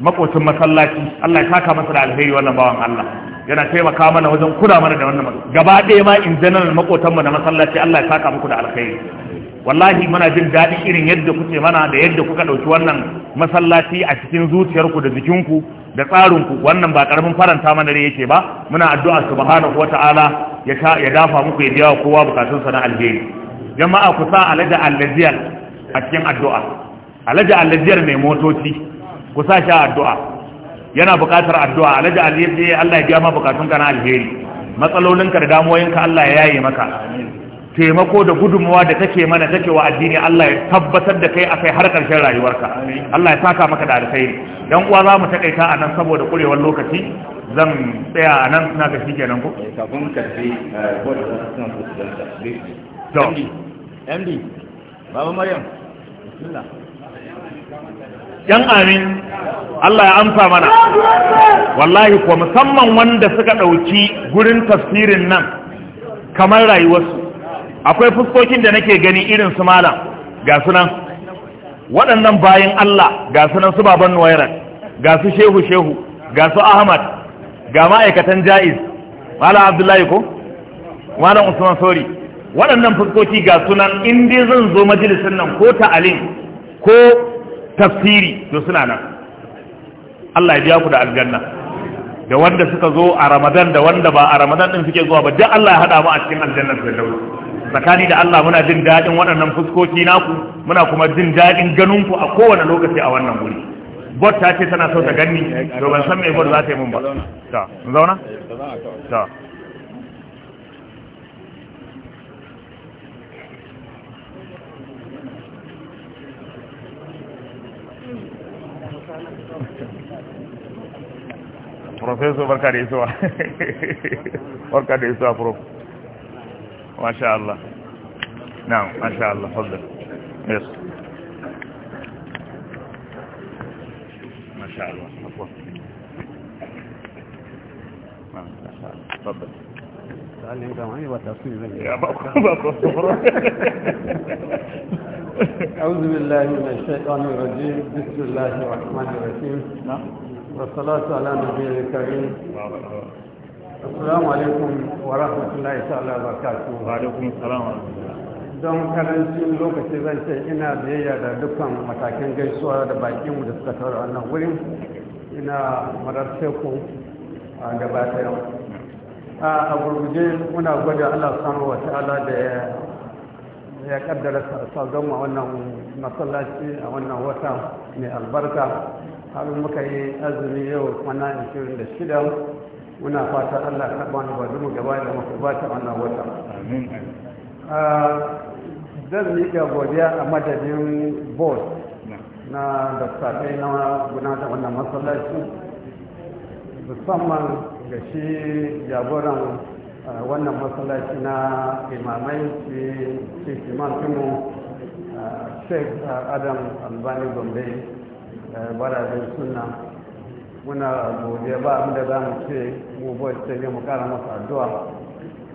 makocin masallaci Allah ya saka masa da alheri wannan bawan Allah yana taimaka mana wajen kula mana da wannan gaba ɗaya ma in general makotanmu na masallaci Allah ya saka muku da alheri wallahi muna jin daɗi irin yadda kuke mana da yadda kuka ɗauki wannan masallaci a cikin zuciyarku da jikinku da tsarinku wannan ba ƙaramin faranta mana rai yake ba muna addu'a subhanahu wata'ala ya dafa muku ya biya kowa bukatunsa na alheri jama'a ku sa alaja a cikin addu'a Alaja allajiyar mai motoci ku sa shi addu'a yana buƙatar addu'a Alaja allajiyar Allah ya biya bukatun ka na alheri ka da ka Allah ya yaye maka taimako da gudunmuwa da take mana take wa addini Allah ya tabbatar da kai akai har ƙarshen rayuwarka Allah ya saka maka da alheri dan uwa za mu taƙaita a nan saboda kurewar lokaci zan tsaya a nan na ga shi kenan ko eh, kafin ka tafi eh, ko da yan amin Allah ya amsa mana wallahi kuwa musamman wanda suka ɗauki gurin tafsirin nan kamar rayuwarsu akwai fuskokin da nake gani irin su malam ga sunan waɗannan bayan Allah ga sunan su baban nuwairar ga su shehu shehu ga su ahmad ga ma'aikatan ja'iz malam abdullahi ko malam usman sori waɗannan fuskoki ga sunan in dai zan zo majalisar nan ko ta'alin ko tafsiri to suna nan Allah ya biya ku da aljanna da wanda suka zo a Ramadan da wanda ba a Ramadan din suke zuwa ba duk Allah ya hada mu a cikin aljannar firdaus tsakani da Allah muna jin daɗin waɗannan fuskoki naku muna kuma jin daɗin ganin ku a kowane lokaci a wannan wuri bot ta ce tana so ta ganni to ban san me bot za ta yi mun ba ta zauna ta professeur barka da isuwa barka da isuwa prof masha Allah na'am masha Allah fadda yes masha Allah afwan Allah fadda تعلم كمان يبقى تصوير أعوذ بالله من الشيطان الرجيم بسم الله الرحمن الرحيم والصلاة على نبي الكريم السلام عليكم ورحمة الله تعالى وبركاته وعليكم السلام don karancin lokaci zan ce ina biyayya da dukkan matakin gaisuwa da bakinmu da suka tsara wannan wurin ina marar teku a gabata yau a gurguje muna gwada allah sanu wa ta'ala da ya kaddara sa zama wannan masallaci a wannan wata mai albarka har muka yi azumi yau kwana shida, muna fata allah karɓa na ba mu gaba da muka ba ta wannan wata ah, zan miƙa godiya a madadin board na daftarai na gudanar wannan masallaci musamman ga shi jagoran ah, wannan masallaci na imamai shi kiman tumu ah, sheik adam albani gombe Eh, barazin suna muna gobe ba da za mu ce mu bai ce ne mu kara masa addu'a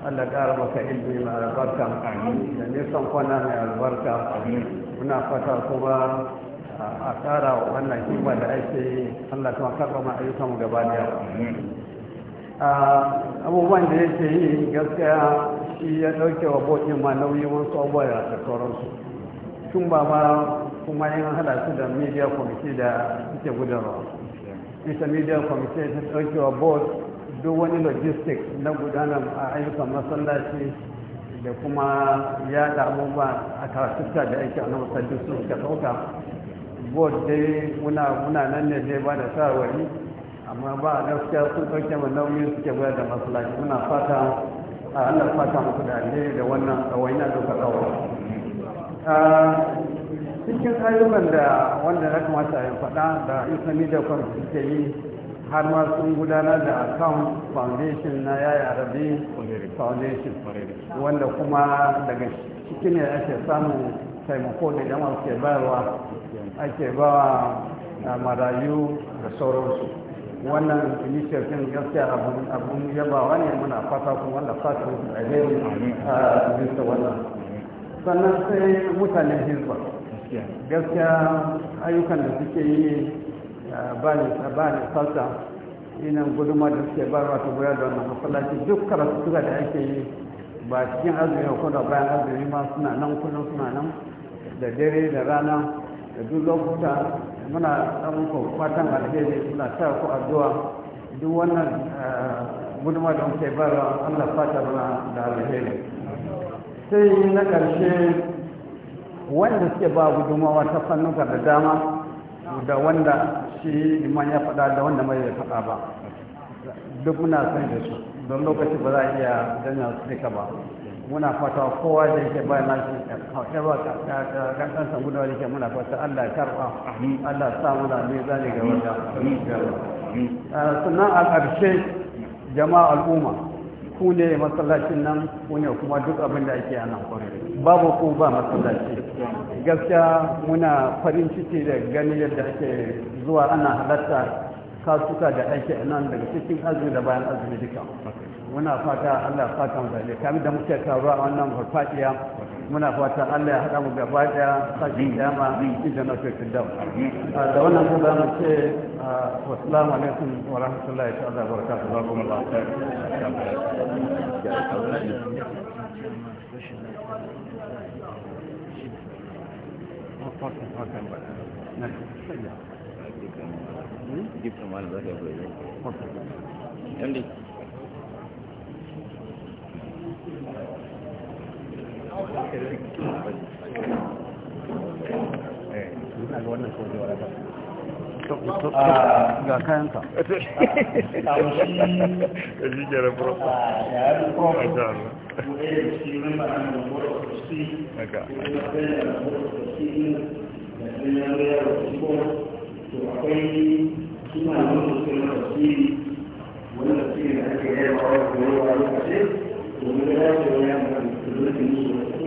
Allah kara maka ilmi albarka da nisan kwana mai albarka muna fata kuma a kara wannan kima da ake yi Allah kuma karɓa ma mu gaba daya abubuwan da yake yi gaskiya shi ya ɗauke wa bokin ma nauyi wasu abubuwa da sauransu tun ba ma kuma yin hada su da media committee da suke gudanarwa ita media committee ta ɗaukewa board duk wani logistics na gudanar a ayyukan masallaci da kuma ya damu ba a karatuka da ake a masallacin su suka ɗauka board dai muna nan ne dai ba da shawarwari amma ba a gaskiya sun ɗauke mu nauyi suke gudanar da masallaci muna fata a allah fata muku da da wannan ɗawaina da kuka ɗaura ah, cikin ayyukan da wanda na kamata ya faɗa da islami da kwan suke yi har ma sun gudanar da account foundation na yaya arabi foundation wanda kuma daga cikin ne ake samun taimako da jama'a ke bayarwa ake ba marayu da sauransu wannan initiative gaskiya abun yabawa ne muna fata kuma wanda fata ne a bisa wannan sannan sai mutanen hizba gaskiya gaskiya ayyukan da suke yi ba ne salsa inan gudunmar da suke ba wata guda da wannan masallaci duk karatu suka da ake yi ba cikin azumi ko da bayan azumi ma suna nan kullum suna nan da dare da rana da duk lokuta muna samun fatan alheri suna sa ku addu'a duk wannan eh, gudunmar da muke ba allah fata da alheri sai na ƙarshe wanda suke ba gudunmawa ta fannuka da dama da wanda shi liman ya faɗa da wanda mai ya faɗa ba duk muna son da su don lokaci ba za a iya janya su duka ba muna fata kowa da yake bayan nashi however san gudawa da yake muna fata allah ya karɓa allah sa muna mai zane ga wanda ah, sannan a ƙarshe jama'a al'umma ku ne masallacin nan ne kuma duk abin da ake nan kwarai babu ku ba masallaci gaskiya muna farin ciki da gani yadda ake zuwa ana halatta kasuka da ake nan daga cikin azumi da bayan azumi duka muna fata allah fata mu zane kamar da muke taruwa a wannan farfaɗiya muna fata Allah ya haɗa mu gaba ɗaya sashi dama inda na fi da wannan ko za mu ce wasalamu alaikum wa rahmatullahi Thank you. ga kayanka ake a wani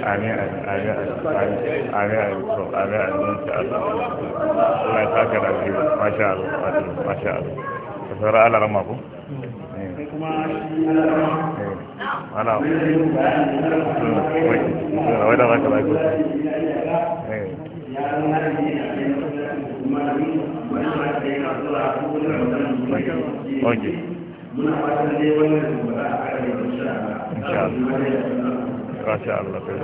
amin amin amin amin to amin amin ta Allah Allah ya saka da alheri masha Allah masha masha Allah kai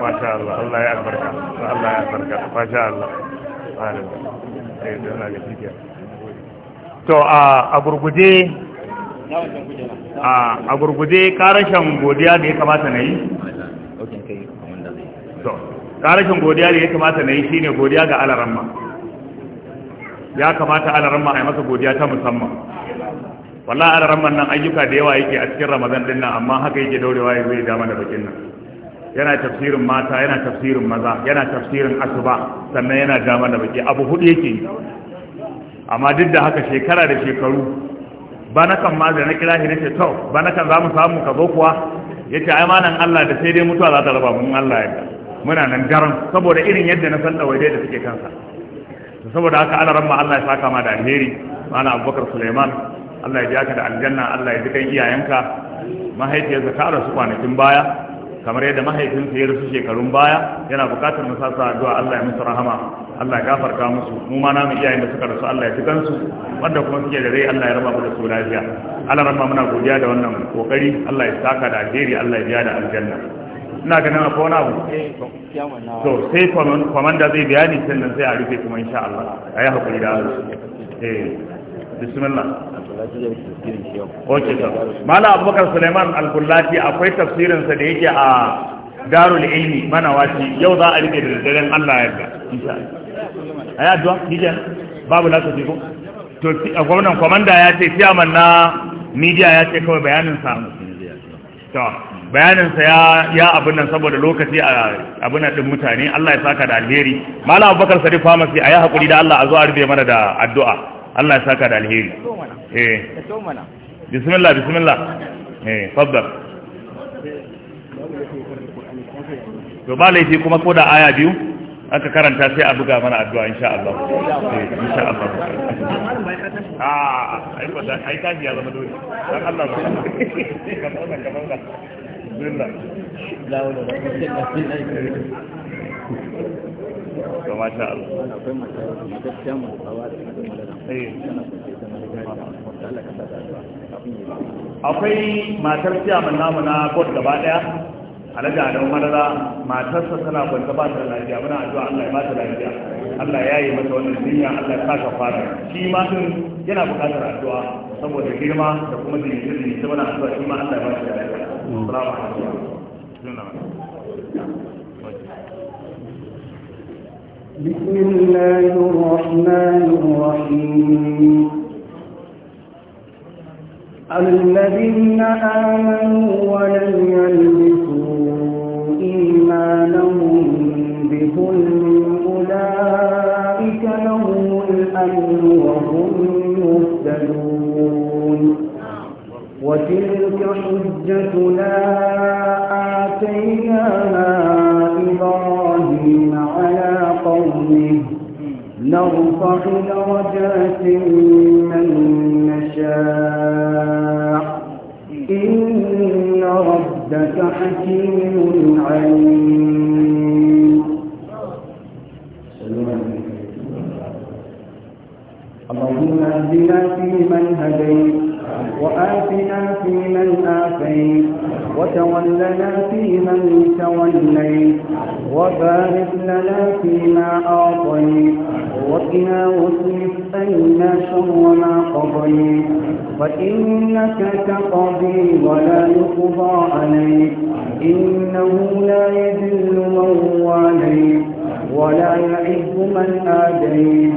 masha Allah Allah ya albarka Allah ya albarka masha Allah eh, to a gurguje a gurguje karashin godiya da ya kamata na yi ƙarashin godiya da ya kamata na yi shi ne godiya ga alaramma ya kamata alaramma a yi masa godiya ta musamman wallah alaramman nan ayyuka da yawa yake a cikin ramadan din nan amma haka yake daurewa ya zai dama da bakin nan yana tafsirin mata yana tafsirin maza yana tafsirin asuba sannan yana dama da baki abu hudu yake yi amma duk da haka shekara da shekaru bana kan ma da na kira shi nace to bana kan za mu samu ka zo kuwa yace ai malan Allah da sai dai mutuwa za ta raba mun Allah ya muna nan daren saboda irin yadda na san ɗawaidai da suke kansa saboda haka ana ramma Allah ya saka ma da alheri mana abubakar suleiman Allah ya jaka da aljanna Allah ya ji kan iyayenka mahaifiyarsa ta rasu kwanakin baya kamar yadda mahaifinsa ya rasu shekarun baya yana bukatar mu sasa addu'a Allah ya musu rahama Allah ya gafarta musu mu ma namu iyayen da suka rasu Allah ya ji kansu wanda kuma suke da rai Allah ya raba mu da su lafiya Allah muna godiya da wannan kokari Allah ya saka da alheri Allah ya biya da aljanna ina ganin a wani abu eh, to sai kwamanda zai bayani sannan sai a rufe kuma insha Allah a yi haƙuri da Allah eh bismillah ok sir mala abubakar suleiman al-kullati akwai tafsirinsa da yake a darul ilmi mana wasi yau za a rufe da daren Allah ya ga insha Allah ayi addu'a dijan babu lafiya ko to gwamnan kwamanda ya ce ciyaman na media ya ce kawai bayanin sa to bayaninsa ya abin nan saboda lokaci a abin din mutane Allah ya saka da alheri malam abubakar sadiq pharmacy a yi haƙuri da Allah a zo a rufe mana da addu'a Allah ya saka da alheri eh bismillah bismillah eh faddal to ba laifi kuma ko da aya biyu aka karanta sai a buga mana addu'a insha Allah insha Allah a ai ko da ai ta biya zama dole dan Allah ka mauna ka mauna Eh. akwai matar ciyaman namu na kot gaba daya na jadon marara matarsa tana kwanta ba ta lafiya muna addu'a Allah ya ba ta lafiya Allah ya yi mata wannan jinya Allah ya ka fara shi ma sun yana buƙatar addu'a saboda girma da kuma jinjiri ta muna addu'a shi ma Allah ya ba ta lafiya بسم الله الرحمن الرحيم الذين آمنوا ولم يلبسوا إيمانهم بظلم أولئك لهم الأمن وهم مهتدون وتلك حجتنا آتيناها إبراهيم على قومه نرفع درجات من نشاء إن ربك حكيم عليم اللهم اهدنا فيمن هديت وآتنا فيمن آتيت وتولنا فيمن توليت وبارك لنا فيما أعطيت وقنا واصرف عنا شر ما قضيت فإنك تقضي ولا يقضى عليك إنه لا يذل من واليت ولا يعز من آديت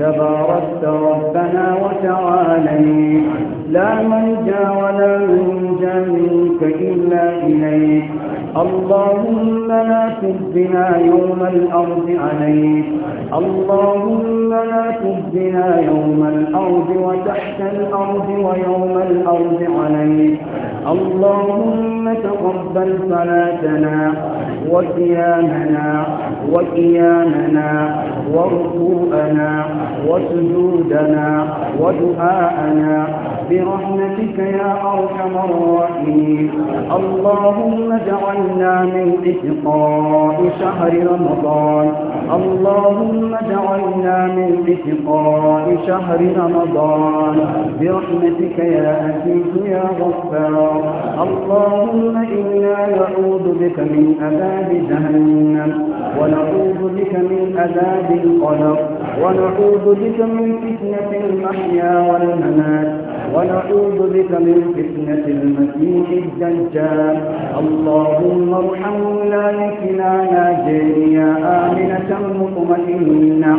تباركت ربنا وتعالي لا ملجا ولا منجا منك إلا إليك اللهم لا تبنا يوم الأرض عليك اللهم لا تبنا يوم الأرض وتحت الأرض ويوم الأرض عليك اللهم تقبل صلاتنا وقيامنا وقيامنا وركوعنا وسجودنا ودعاءنا برحمتك يا أرحم الراحمين اللهم اجعلنا من اتقاء شهر رمضان اللهم اجعلنا من اتقاء شهر رمضان برحمتك يا أسيس يا غفار اللهم إنا نعوذ بك من أباب جهنم ونعوذ بك من أباب القلق ونعوذ بك من فتنة المحيا والممات ونعوذ بك من فتنة المسيح الدجال اللهم ارحم ولاية نيجيريا آمنة مطمئنة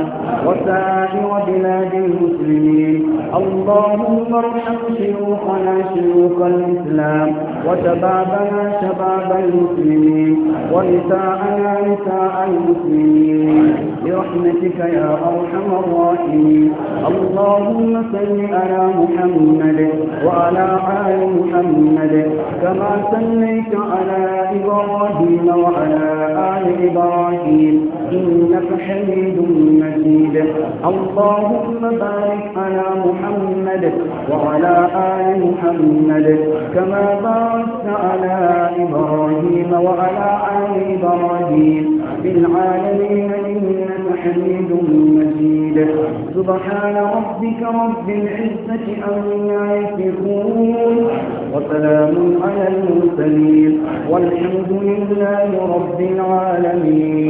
وسائر بلاد المسلمين اللهم ارحم شيوخنا شيوخ الإسلام وشبابنا شباب المسلمين ونساءنا نساء المسلمين برحمتك يا أرحم الراحمين اللهم صل على محمد محمد وعلى آل محمد كما سليت على إبراهيم وعلى آل إبراهيم إنك حميد مجيد اللهم بارك على محمد وعلى آل محمد كما باركت على إبراهيم وعلى آل إبراهيم في العالمين إنك سبحان ربك رب العزة أن يصفون وسلام على المرسلين والحمد لله رب العالمين